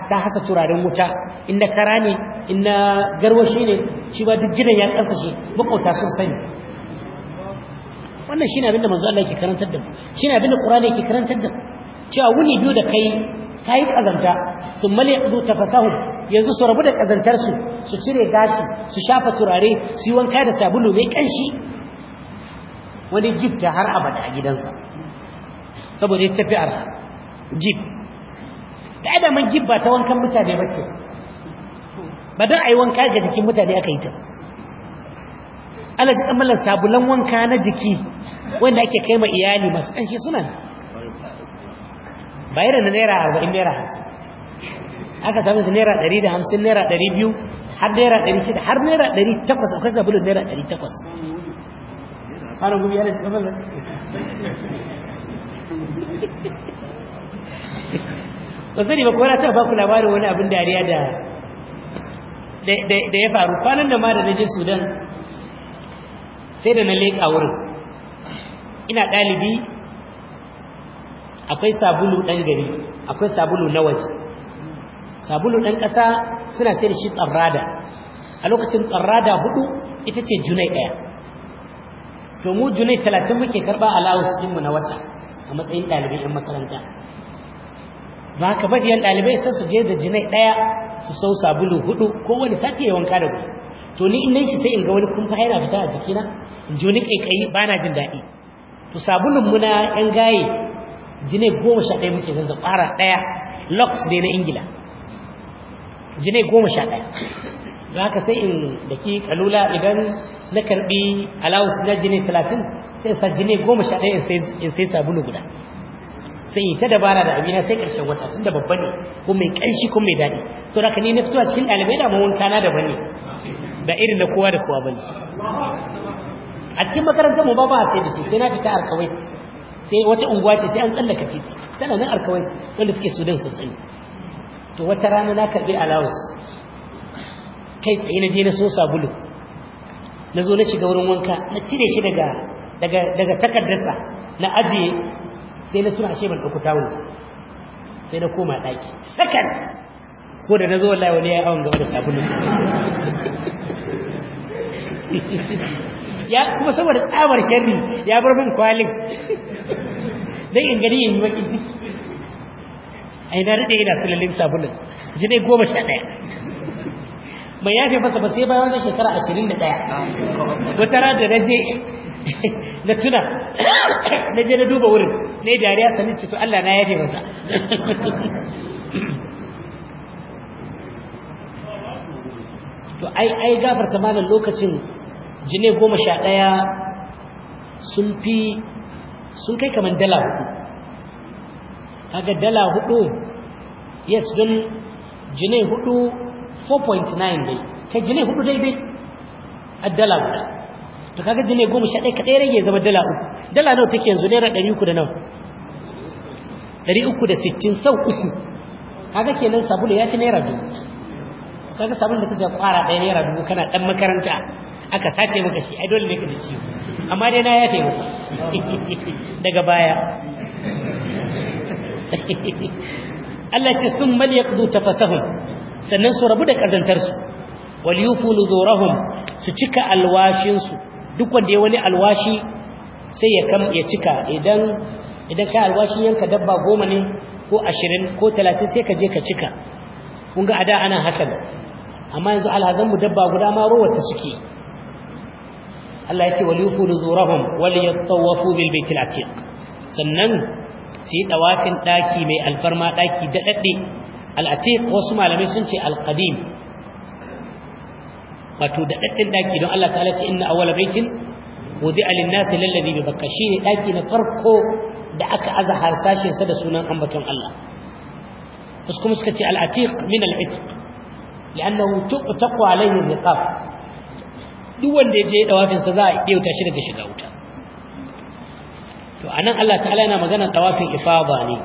ta hasa turaren wuta inda kara ne inda garwashi ne shi ba duk gidan ya kansa shi makauta sun sani wannan shine abinda manzo Allah yake karantar da mu shine abinda Qur'ani yake karantar da mu cewa wuni biyu da kai kai kazanta sun mali abu tafatahu yanzu su rabu da kazantar su su cire gashi su shafa turare su yi wanka da sabulu mai kanshi wani ta har abada a gidansa saboda ya tafi arha jib da adamin gib ba ta wankan mutane ba ce ba don a yi wanka ga jikin mutane aka yi ta ala ji tsammalar sabulan wanka na jiki wanda ake kai ma iyali masu ƙanshi sunan bayar da naira arba'in naira hamsin aka sami su naira ɗari da hamsin naira ɗari biyu har naira ɗari shida har naira ɗari takwas akwai sabulun naira ɗari takwas ana gubi yana cikin fasa wasu ne ba kowa ta baku labarin wani abin dariya da ya faru kwanan da ma da na je sudan sai da na leƙa wurin ina ɗalibi akwai sabulu ɗan gari akwai sabulu na waje sabulu ɗan ƙasa suna ce da shi tsarrada a lokacin tsarrada hudu ita ce junai ɗaya to mu junai talatin muke karɓa allowance ɗinmu na wata a matsayin ɗalibin 'yan makaranta ba ka bajiyar yan ɗalibai sai su je da junai ɗaya su sau sabulu hudu ko wani sati ya wanka da gudu to ni in shi sai in ga wani kumfa yana fita a jikina in ji wani kaikayi ba na jin daɗi to sabulun muna yan gaye jine goma sha ɗaya muke zanzu fara ɗaya lux ne na ingila jine goma sha ɗaya da haka sai in da ke kalula idan na karɓi alawus na jine talatin sai sa jine goma sha ɗaya in sai sabulu guda sai yi ta dabara da abina sai ƙarshen wata tun da babba ne ko mai ƙanshi ko mai daɗi sau da ka ne na fito a cikin ɗalibai da mawanka na daban ne ba irin na kowa da kowa bane a cikin makarantar mu ba ba sai da shi sai na fita arkawai sai wata unguwa ce sai an tsallaka titi tana nan arkawai wanda suke sudan sosai to wata rana na karbi alawus, kai tsaye na je na so sabulu na zo na shiga wurin wanka na cire shi daga daga daga takardarsa na ajiye sai na tuna ashe ban ɗauki tawul sai na koma ɗaki second ko da na zo wallahi wani ya yi awon gaba da sabulu ya kuma saboda tsabar sharri ya bar min kwalin dai in gari yin baki ciki ai na rade ina lalin sabulun ji dai goma sha ɗaya ya fi fasa ba sai bayan shekara ashirin da ɗaya wata rada da na je na tuna na je na duba wurin na yi dariya sanin to Allah na fi fasa to ai ai ta malam lokacin jine goma sha ɗaya sun fi sun kai kamar dala hudu kaga dala hudu yes don jine hudu 4.9 dai kai jine hudu daidai a dala hudu to kaga jine goma sha ɗaya kaɗai rage zama dala uku dala nawa take yanzu naira ɗari uku da nawa ɗari uku da sittin sau uku kaga kenan sabulu ya fi naira dubu kaga sabon da kace kwara ɗaya naira dubu kana dan makaranta aka sace maka shi ai dole ne ka ci amma dai na yafe masa daga baya Allah ce sun mal yaqdu tafatahum sannan su rabu da kazantar su wal yufulu zurahum su cika alwashin su duk wanda ya wani alwashi sai ya kam ya cika idan idan kai alwashin yanka dabba goma ne ko ashirin ko talatin sai ka je ka cika kun ga da ana hakan amma yanzu Alhazanmu dabba guda ma rowata suke Allah ya ce wal yufu nuzurahum wal yatawafu bil baitil atiq sannan su yi ɗawafin ɗaki mai alfarma ɗaki da dadde al wasu malamai sun ce al qadim wato da dadden daki don Allah ta'ala ce inna awwala baitin wudi'a lin nas lillazi bi bakka shine ɗaki na farko da aka aza harsashin sa da sunan ambaton Allah wasu kuma suka ce al'atiq min al'itiq li'annahu taqwa alayhi riqab duk wanda ya je dawafin sa za a ɗauka shi daga shiga wuta to anan Allah ta'ala yana magana dawafin ifada ne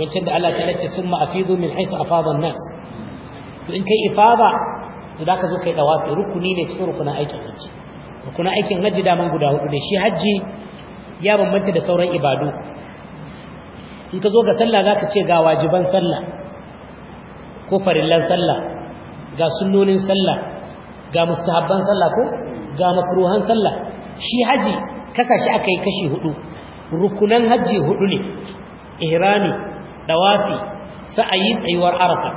wancan da Allah ta'ala ce summa afidu min haythu afada an-nas to in kai ifada to zaka zo kai dawafi rukuni ne cikin rukunin aikin hajji rukunin aikin hajji da man guda hudu ne shi hajji ya bambanta da sauran ibadu in ka zo ga sallah za ka ce ga wajiban sallah ko farillan sallah ga sunnonin sallah ga mustahabban sallah ko ga makruhan sallah shi haji kasa shi aka yi kashi hudu rukunan haji hudu ne ihrami dawafi sa'ayi tsayuwar arafat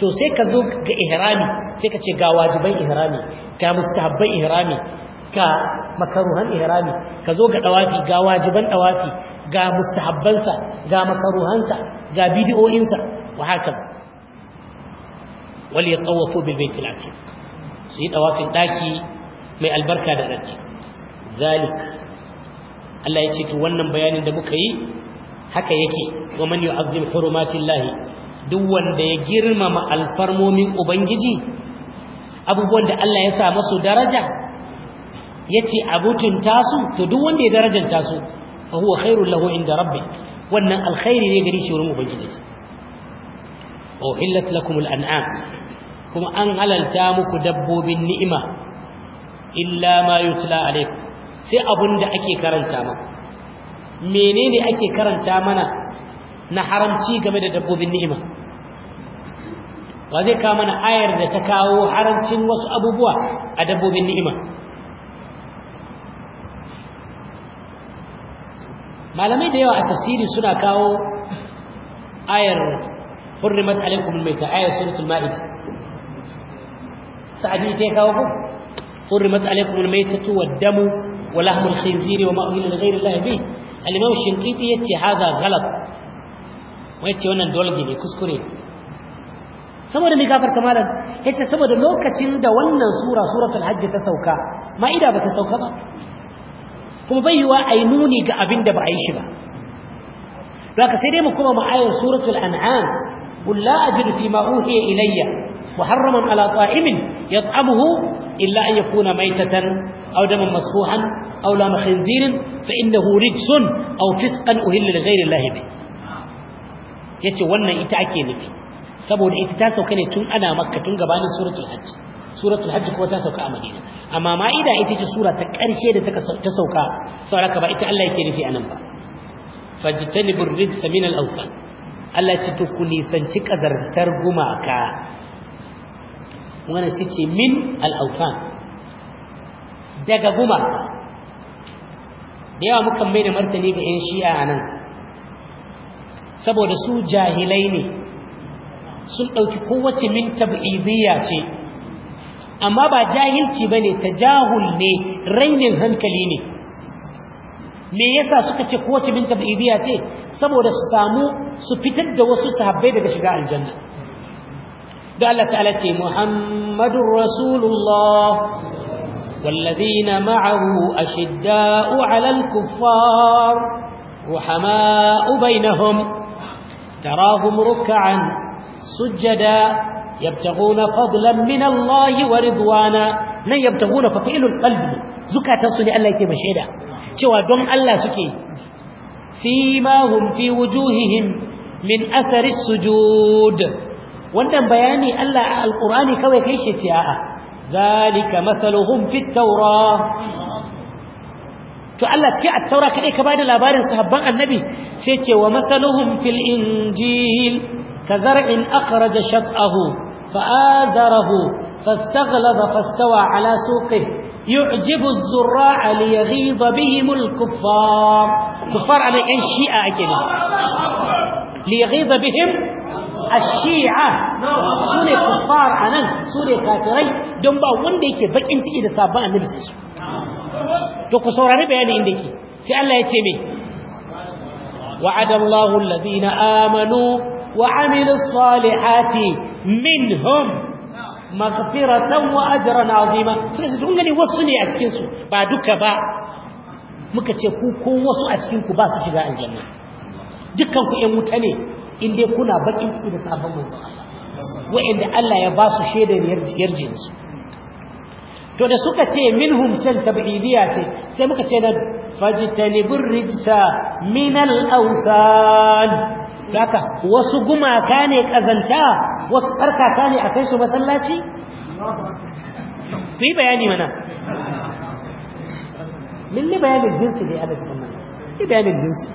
to sai ka zo ga ihrami sai ka ce ga wajiban ihrami ga mustahabban ihrami ga makaruhan ihrami ka zo ga dawafi ga wajiban dawafi ga mustahabbansa ga makaruhansa ga bid'o'insa wa haka wal yatawafu bil baitil atiq su yi dawafin daki mai albarka da daki zalik Allah ya ce to wannan bayanin da muka yi haka yake wa man yu'azzim hurumatillahi duk wanda ya girmama alfarmomin ubangiji abubuwan da Allah ya sa masa daraja yace abutun tasu to duk wanda ya darajanta tasu? fa huwa khairul lahu inda rabbi wannan alkhairi ne gari shi wurin ubangiji wa hillat lakum an'am kuma an halalta muku dabbobin ni'ima illa ma yutla alaikum sai abunda ake karanta maka menene ake karanta mana na haramci game da dabbobin ni'ima wa zai kawo mana ayar da ta kawo haramcin wasu abubuwa a dabbobin ni'ima malamai da yawa a tasiri suna kawo ayar hurrimat alaikum almaita ayar suratul ma'id sa'adi ta yi kawo ku hurrimat alaikum tuwa damu, wa lahmul khinziri wa ma uhilla li ghayri allahi bihi al-imam shinqiti yace hada ghalat wai ce wannan dole ne kuskure saboda mai gafarta malam yace saboda lokacin da wannan sura suratul hajj ta sauka ma'ida ba ta sauka ba kuma bai yiwa a yi nuni ga abin da ba a yi shi ba da ka sai dai mu kuma ma'ayar suratul an'am kula a jiru fi ma'uhi ya ilayya wa harraman alaƙa imin ya tsamuhu illa an yi kuna mai tatar audaman masuhan aula mahin zirin fa inda hurid sun au fiskan uhillar gairin lahibi ya ce wannan ita ake nufi saboda ita ta sauka ne tun ana makka tun gabanin suratul hajji suratul hajj kuma ta sauka a madina amma ma'ida ita ce sura ta ƙarshe da ta sauka saboda ba ita Allah yake nufi anan ba fajtanibur rijsa min al-awsan Allah ce to ku nisanci kazartar gumaka wannan ce min al-awsan daga gumaka da yawa mukan mai da martani ga yan shi'a anan saboda su jahilai ne sun ɗauki kowace min tab'idiyya ce amma ba jahilci ba ne tajahul ne rainin hankali ne me yasa suka ce kowace binta bibiya ce saboda su samu su fitar da wasu sahabbai daga shiga aljanna da Allah ta'ala ce Muhammadur Rasulullah والذين معه أشداء على الكفار رحماء بينهم تراهم ركعا سجدا yabtaguna fadlan min Allah wa ridwana nan yabtaguna fa fi'lul qalbi zukatan su ne Allah yake mashaida cewa don Allah suke simahum fi wujuhihim min athari sujud wannan bayani Allah a alqur'ani kawai kai shi ti'a zalika mathaluhum fit tawrah to Allah cikin at-taura kadai ka bada labarin sahabban annabi sai ce wa masaluhum fil injil kazar'in akhraja shat'ahu فآذره فاستغلظ فاستوى على سوقه يعجب الزراع ليغيظ بهم الكفار كفار على أي شيعة كده ليغيظ بهم الشيعة سوري كفار أنا سوري كافرين دون با wanda yake bakin ciki da sabon annabi su to ku saurari bayanin inda yake sai Allah ya ce me wa'adallahu alladhina amanu وعمل الصالحات منهم مغفرة وأجر عظيمة سيسا تقول لي وصلي أتكنسو بعدك با مكتشكو يكون وصو أتكنكو باسو جزاء الجنة دكانكو يموتني إن دي كنا بكين تكيد سابا منزو الله وإن دي الله يباسو شيدا يرجنسو to da suka ce minhum can tab'idiyya ce sai muka ce na haka wasu gumaka ne kazanta wasu tsarkaka ne a kai su masallaci ku yi bayani mana milli bayanin jinsi ne ala cikin mana yi bayanin jinsi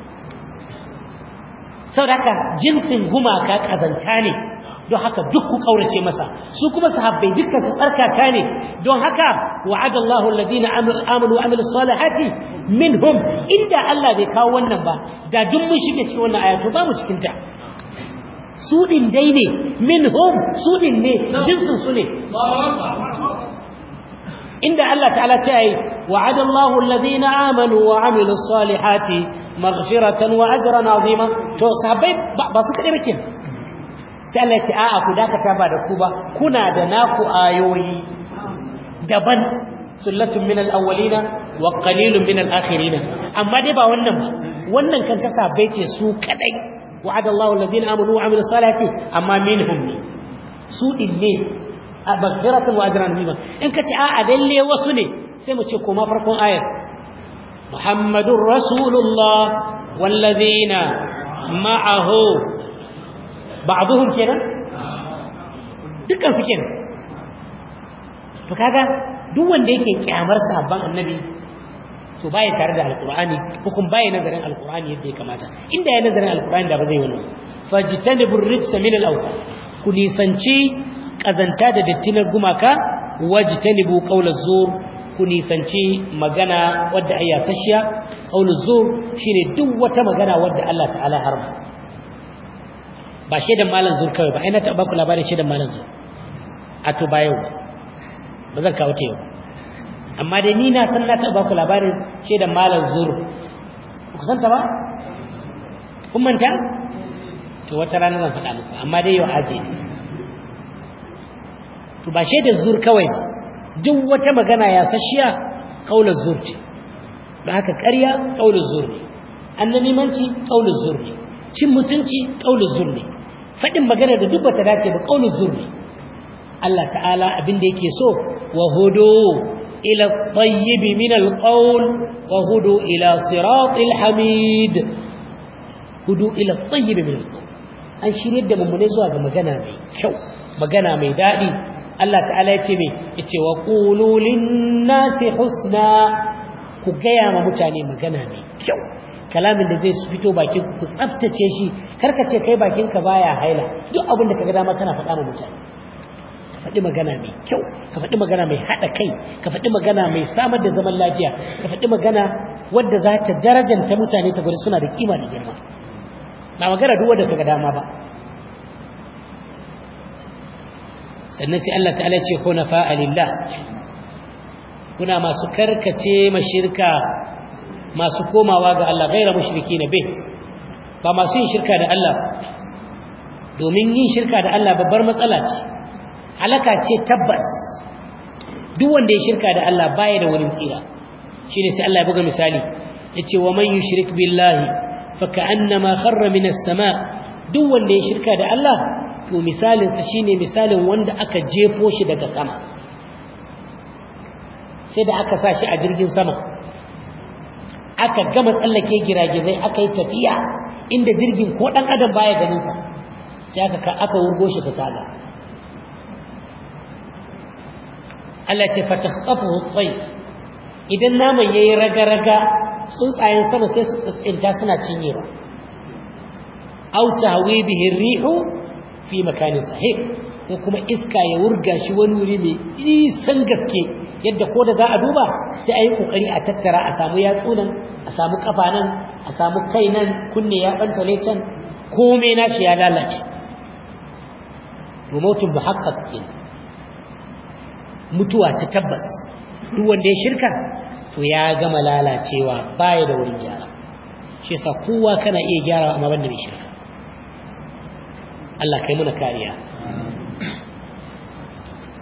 sau da haka jinsin gumaka kazanta ne don haka duk ku kaurace masa su kuma sahabbai dukkan su tsarkaka ne don haka wa'ada Allahu alladhina amanu wa amilus salihati minhum inda Allah bai kawo wannan ba da duk mun shige cikin wannan cikin ta su din dai ne minhum su din ne su ne inda Allah ta'ala ta yi wa'ada Allahu alladhina amanu wa amilus salihati maghfiratan wa ajran azima to sahabbai ba su sai Allah ce a'a ku dakata ba da ku ba kuna da naku ayoyi daban sullatun min al-awwalina wa qalilun min al-akhirina amma dai ba wannan ba wannan kan ta sabai ce su kadai wa'ada Allahu alladhina amanu wa amilus salati amma minhum su din ne a baghiratun wa ajran bima in ka ce a'a le, wasu ne sai mu ce koma farkon ayar muhammadur rasulullah والذين معه Ba ba'dhum kenan dukkan su kenan to kaga duk wanda yake kyamar sahabban annabi to baya tare da alqur'ani hukum baya nazarin alqur'ani yadda ya kamata inda ya nazarin alqur'ani da ba zai wannan fajtanibur rijsa min al-awqaf ku nisanci kazanta da dattinar gumaka wajtanibu qawla zur ku nisanci magana wadda ayyasashiya qawlu zur shine duk wata magana wadda Allah ta'ala harba ba shedan malam zur kawai ba ina taɓa ku labarin shedan malam zur a to ba yau ba zan kawo ta yau amma dai ni na san na taɓa ku labarin shedan malam zur ku santa ba kun manta to wata rana zan faɗa muku amma dai yau aje to ba shedan zur kawai ba duk wata magana ya sashiya kaular zur ce da haka ƙarya kaular zur ne annabimanci kaular zur ne cin mutunci kaular zur ne faɗin magana da duk ta dace ba qaulul zurri Allah ta'ala abin da yake so wa hudu ila at min al-qawl wa hudu ila siratil hamid hudu ila at min al-qawl an shirye da mummune zuwa ga magana mai kyau magana mai dadi Allah ta'ala ya ce mai yace wa qulu lin-nasi husna ku gaya ma mutane magana mai kyau kalamin da zai fito bakin ku tsaftace shi karka ce kai bakin ka baya haila duk abin da kaga dama kana faɗa ma mutane ka faɗi magana mai kyau ka faɗi magana mai haɗa kai ka faɗi magana mai samar da zaman lafiya ka faɗi magana wadda za ta darajanta mutane ta gwada suna da kima da girma ba magana duk wadda kaga dama ba sannan sai Allah ta'ala ce kuna fa'alillah kuna masu karkace mashirka masu komawa ga Allah gaira mushriki na be ba masu yin shirka da Allah domin yin shirka da Allah babbar matsala ce halaka ce tabbas duk wanda ya shirka da Allah baya da wurin tsira shine sai Allah ya buga misali yace wa man yushrik billahi fa ka'annama kharra as sama duk wanda ya shirka da Allah to misalin sa shine misalin wanda aka jefo shi daga sama sai da aka sa shi a jirgin sama aka gama tsallake giragizai aka yi tafiya inda jirgin ko ɗan adam baya ganinsa sai aka aka wurgo shi ta taga Allah ce fa takhafu tayr idan naman yayi raga-raga tsuntsayen sama sai su tsinta suna cinyewa aw tawi bihi rihu fi makanin sahih ko kuma iska ya wurga shi wani wuri mai isan gaske yadda ko da za a duba sai a yi kokari a tattara a samu yatsu nan a samu ƙafa nan a samu kai nan kunne ya ne can komai shi ya lalace to mu muhaqqaq ke mutuwa ta tabbas duk wanda ya shirka to ya gama lalacewa baya da wurin gyara shi sa kowa kana iya gyara amma banda mai shirka Allah kai muna kariya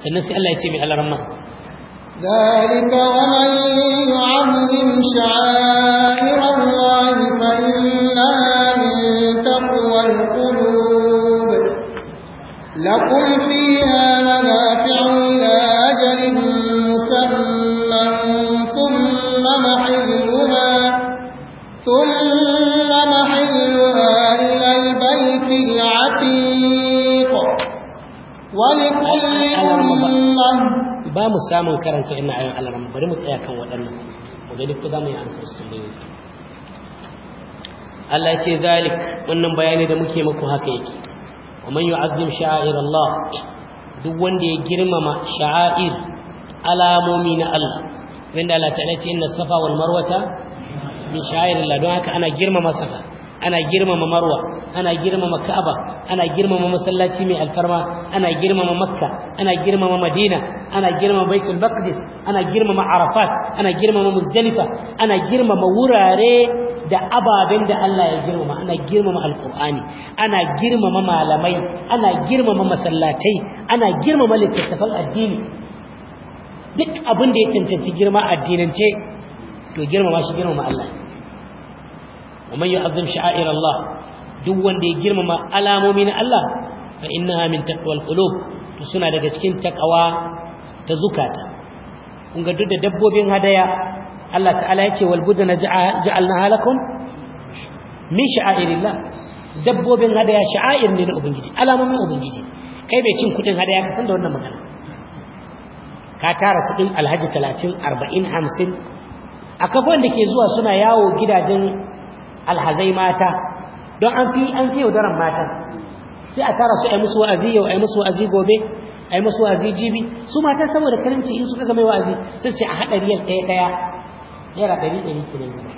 sannan sai Allah ya ce mai alaramma ذلك ومن يعظم شعائر ba mu samun karanta ina ayin alaram bari mu tsaya kan waɗannan mu gani ko za mu yi amsar su ne Allah ce zalik wannan bayani da muke muku haka yake wa man yu'azzim sha'air Allah duk wanda ya girmama sha'air alamomi na Allah wanda Allah ta'ala ce inna safa wal marwata min sha'air Allah don haka ana girmama safa ana girmama marwa ana girmama ka'aba ana girmama masallaci mai alfarma ana girmama makka ana girmama madina ana girmama baitul maqdis ana girmama arafat ana girmama muzdalifa ana girmama wurare da ababen da Allah ya girmama ana girmama alqur'ani ana girmama malamai ana girmama masallatai ana girmama littattafan addini duk abin da ya cancanci girma addinance to girmama shi girmama Allah ومن يعظم شعائر الله duk wanda ya girmama alamomi na Allah fa innaha min taqwal qulub to suna daga cikin takawa ta zukata kun ga duk da dabbobin hadaya Allah ta'ala yake wal budana ja'alna halakum min sha'airillah dabbobin hadaya sha'air ne na ubangiji alamomin ubangiji kai bai cin kudin hadaya ka san da wannan magana ka tara kudin alhaji 30 40 50 akwai wanda ke zuwa suna yawo gidajen alhazai mata don an fi an fi yaudaran matan sai a tara su a yi musu wa'azi yau a yi musu wa'azi gobe a yi musu wa'azi jibi su matan saboda karinci in suka ga mai wa'azi sai su a haɗa riyal ɗaya ɗaya naira ɗari ɗari ne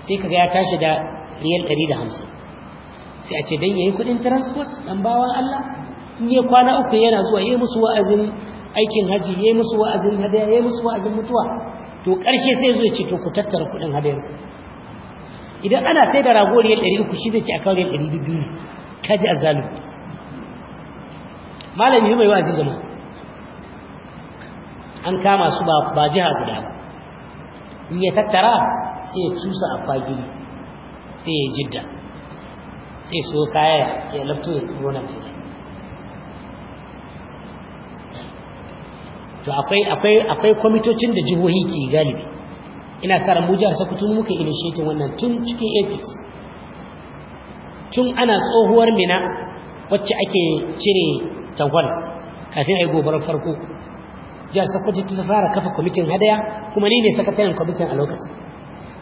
sai kaga ya tashi da riyal ɗari da hamsin sai a ce don yayi kuɗin transport dan bawan Allah in ya kwana uku yana zuwa yayi musu wa'azin aikin haji yayi musu wa'azin hadaya yayi musu wa'azin mutuwa to ƙarshe sai zai ce to ku tattara kuɗin hadayar ku idan ana sai da rago ɗari uku, shi zai ci a akan ɗari 200 ne kaji azalu malami mai wa'azi zama an kama su ba jiha guda ba in ya tattara sai ya cusa a fagili sai ya jidda sai so kaya ya lafto ya gona kenan to akwai kwamitocin da jihohi ke galibi ina sa ran jihar sakutu muka initiating wannan tun cikin 80s tun ana tsohuwar mina wacce ake cire tawal kafin a yi gobarar farko jihar sokoto ta fara kafa kwamitin hadaya kuma ni ne sakataren kwamitin a lokacin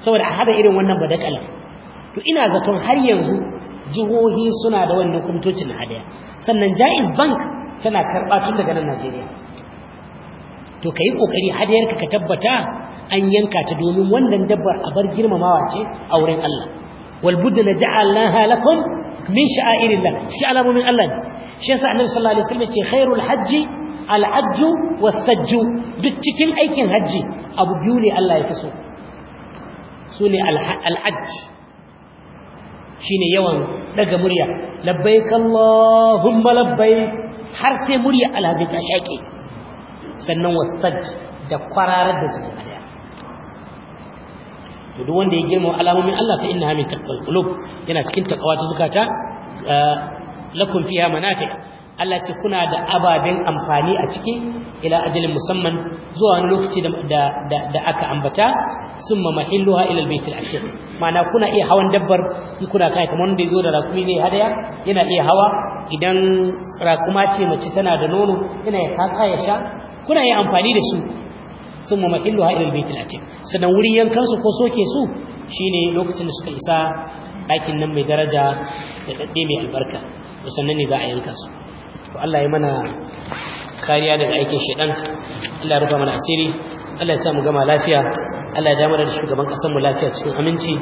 saboda a hada irin wannan badakala to ina zaton har yanzu jihohi suna da wannan kwamitocin hadaya sannan jaiz bank tana karɓa tun daga nan najeriya to yi kokari hadayarka ka tabbata an yanka ta domin wannan dabbar a bar girmamawa ce a wurin Allah wal budna ja'alnaha lakum min sha'airillah shi alamomin Allah ne shi yasa annabi sallallahu alaihi wasallam ce khairul hajji al hajju was sajju duk cikin aikin hajji abu biyu ne Allah ya kaso su ne al hajji shine yawan daga murya labbaik allahumma labbaik har sai murya alhaji ta shake sannan wasaj da kwararar da jikin daya to duk wanda ya girma alamomin Allah fa innaha min taqwal qulub yana cikin takawa ta zukata eh, lakum fiha manafi Allah ce kuna da ababen amfani a ciki ila ajalin musamman zuwa wani lokaci da aka ambata sun summa mahilluha ila albayt al-ashir ma'ana kuna iya hawan dabbar in kuna kai kamar wanda ya zo da rakumi zai hadaya yana iya hawa idan rakuma ce mace tana da nono yana ya kaka ya sha kuna yin amfani da su sun ma mahillu ha ilal baitul sannan wurin yankan su ko soke su shine lokacin da suka isa ɗakin nan mai daraja da dadde mai albarka to sannan ne za a yanka su to Allah ya mana kariya daga aikin shedan Allah ya rufa mana asiri Allah ya sa mu gama lafiya Allah ya damar da shugaban kasar mu lafiya cikin aminci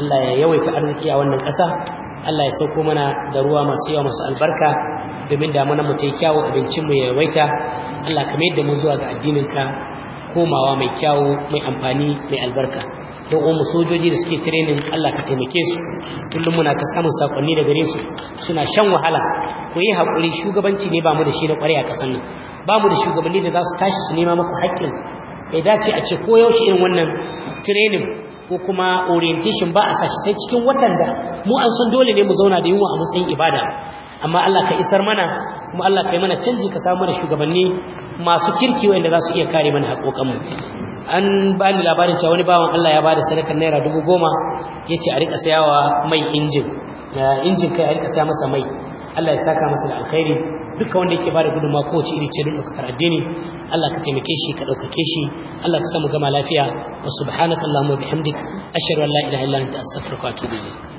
Allah ya yawaita arziki a wannan ƙasa Allah ya sauko mana da ruwa masu yawa masu albarka domin damunan mu ta kyawo abincinmu ya yawaita Allah kamar yadda mu zuwa ga addininka komawa mai kyawo mai amfani mai albarka don uwan sojoji da suke training Allah ka taimake su kullum muna ta samun sakonni da gare su suna shan wahala ku yi haƙuri shugabanci ne ba mu da shi na ƙwarai a ƙasar nan ba mu da shugabanni da za su tashi su nema maku haƙƙin ya dace a ce ko yaushe irin wannan training ko kuma orientation ba a sashi sai cikin watan da mu an san dole ne mu zauna da yunwa a matsayin ibada amma Allah ka isar mana kuma Allah ka yi mana canji ka samu da shugabanni masu kirki wanda za su iya kare mana haƙoƙanmu an ba ni labarin cewa wani bawan Allah ya ba da sadakar naira dubu goma ya ce a riƙa wa mai injin injin kai a riƙa saya masa mai Allah ya saka masa da alkhairi duka wanda yake bada gudunma kowace iri ce don ɗaukakar addini Allah ka taimake shi ka ɗaukake shi Allah ka samu gama lafiya wa Allahumma bihamdika ashhadu an la ilaha illa anta astaghfiruka wa atubu ilayk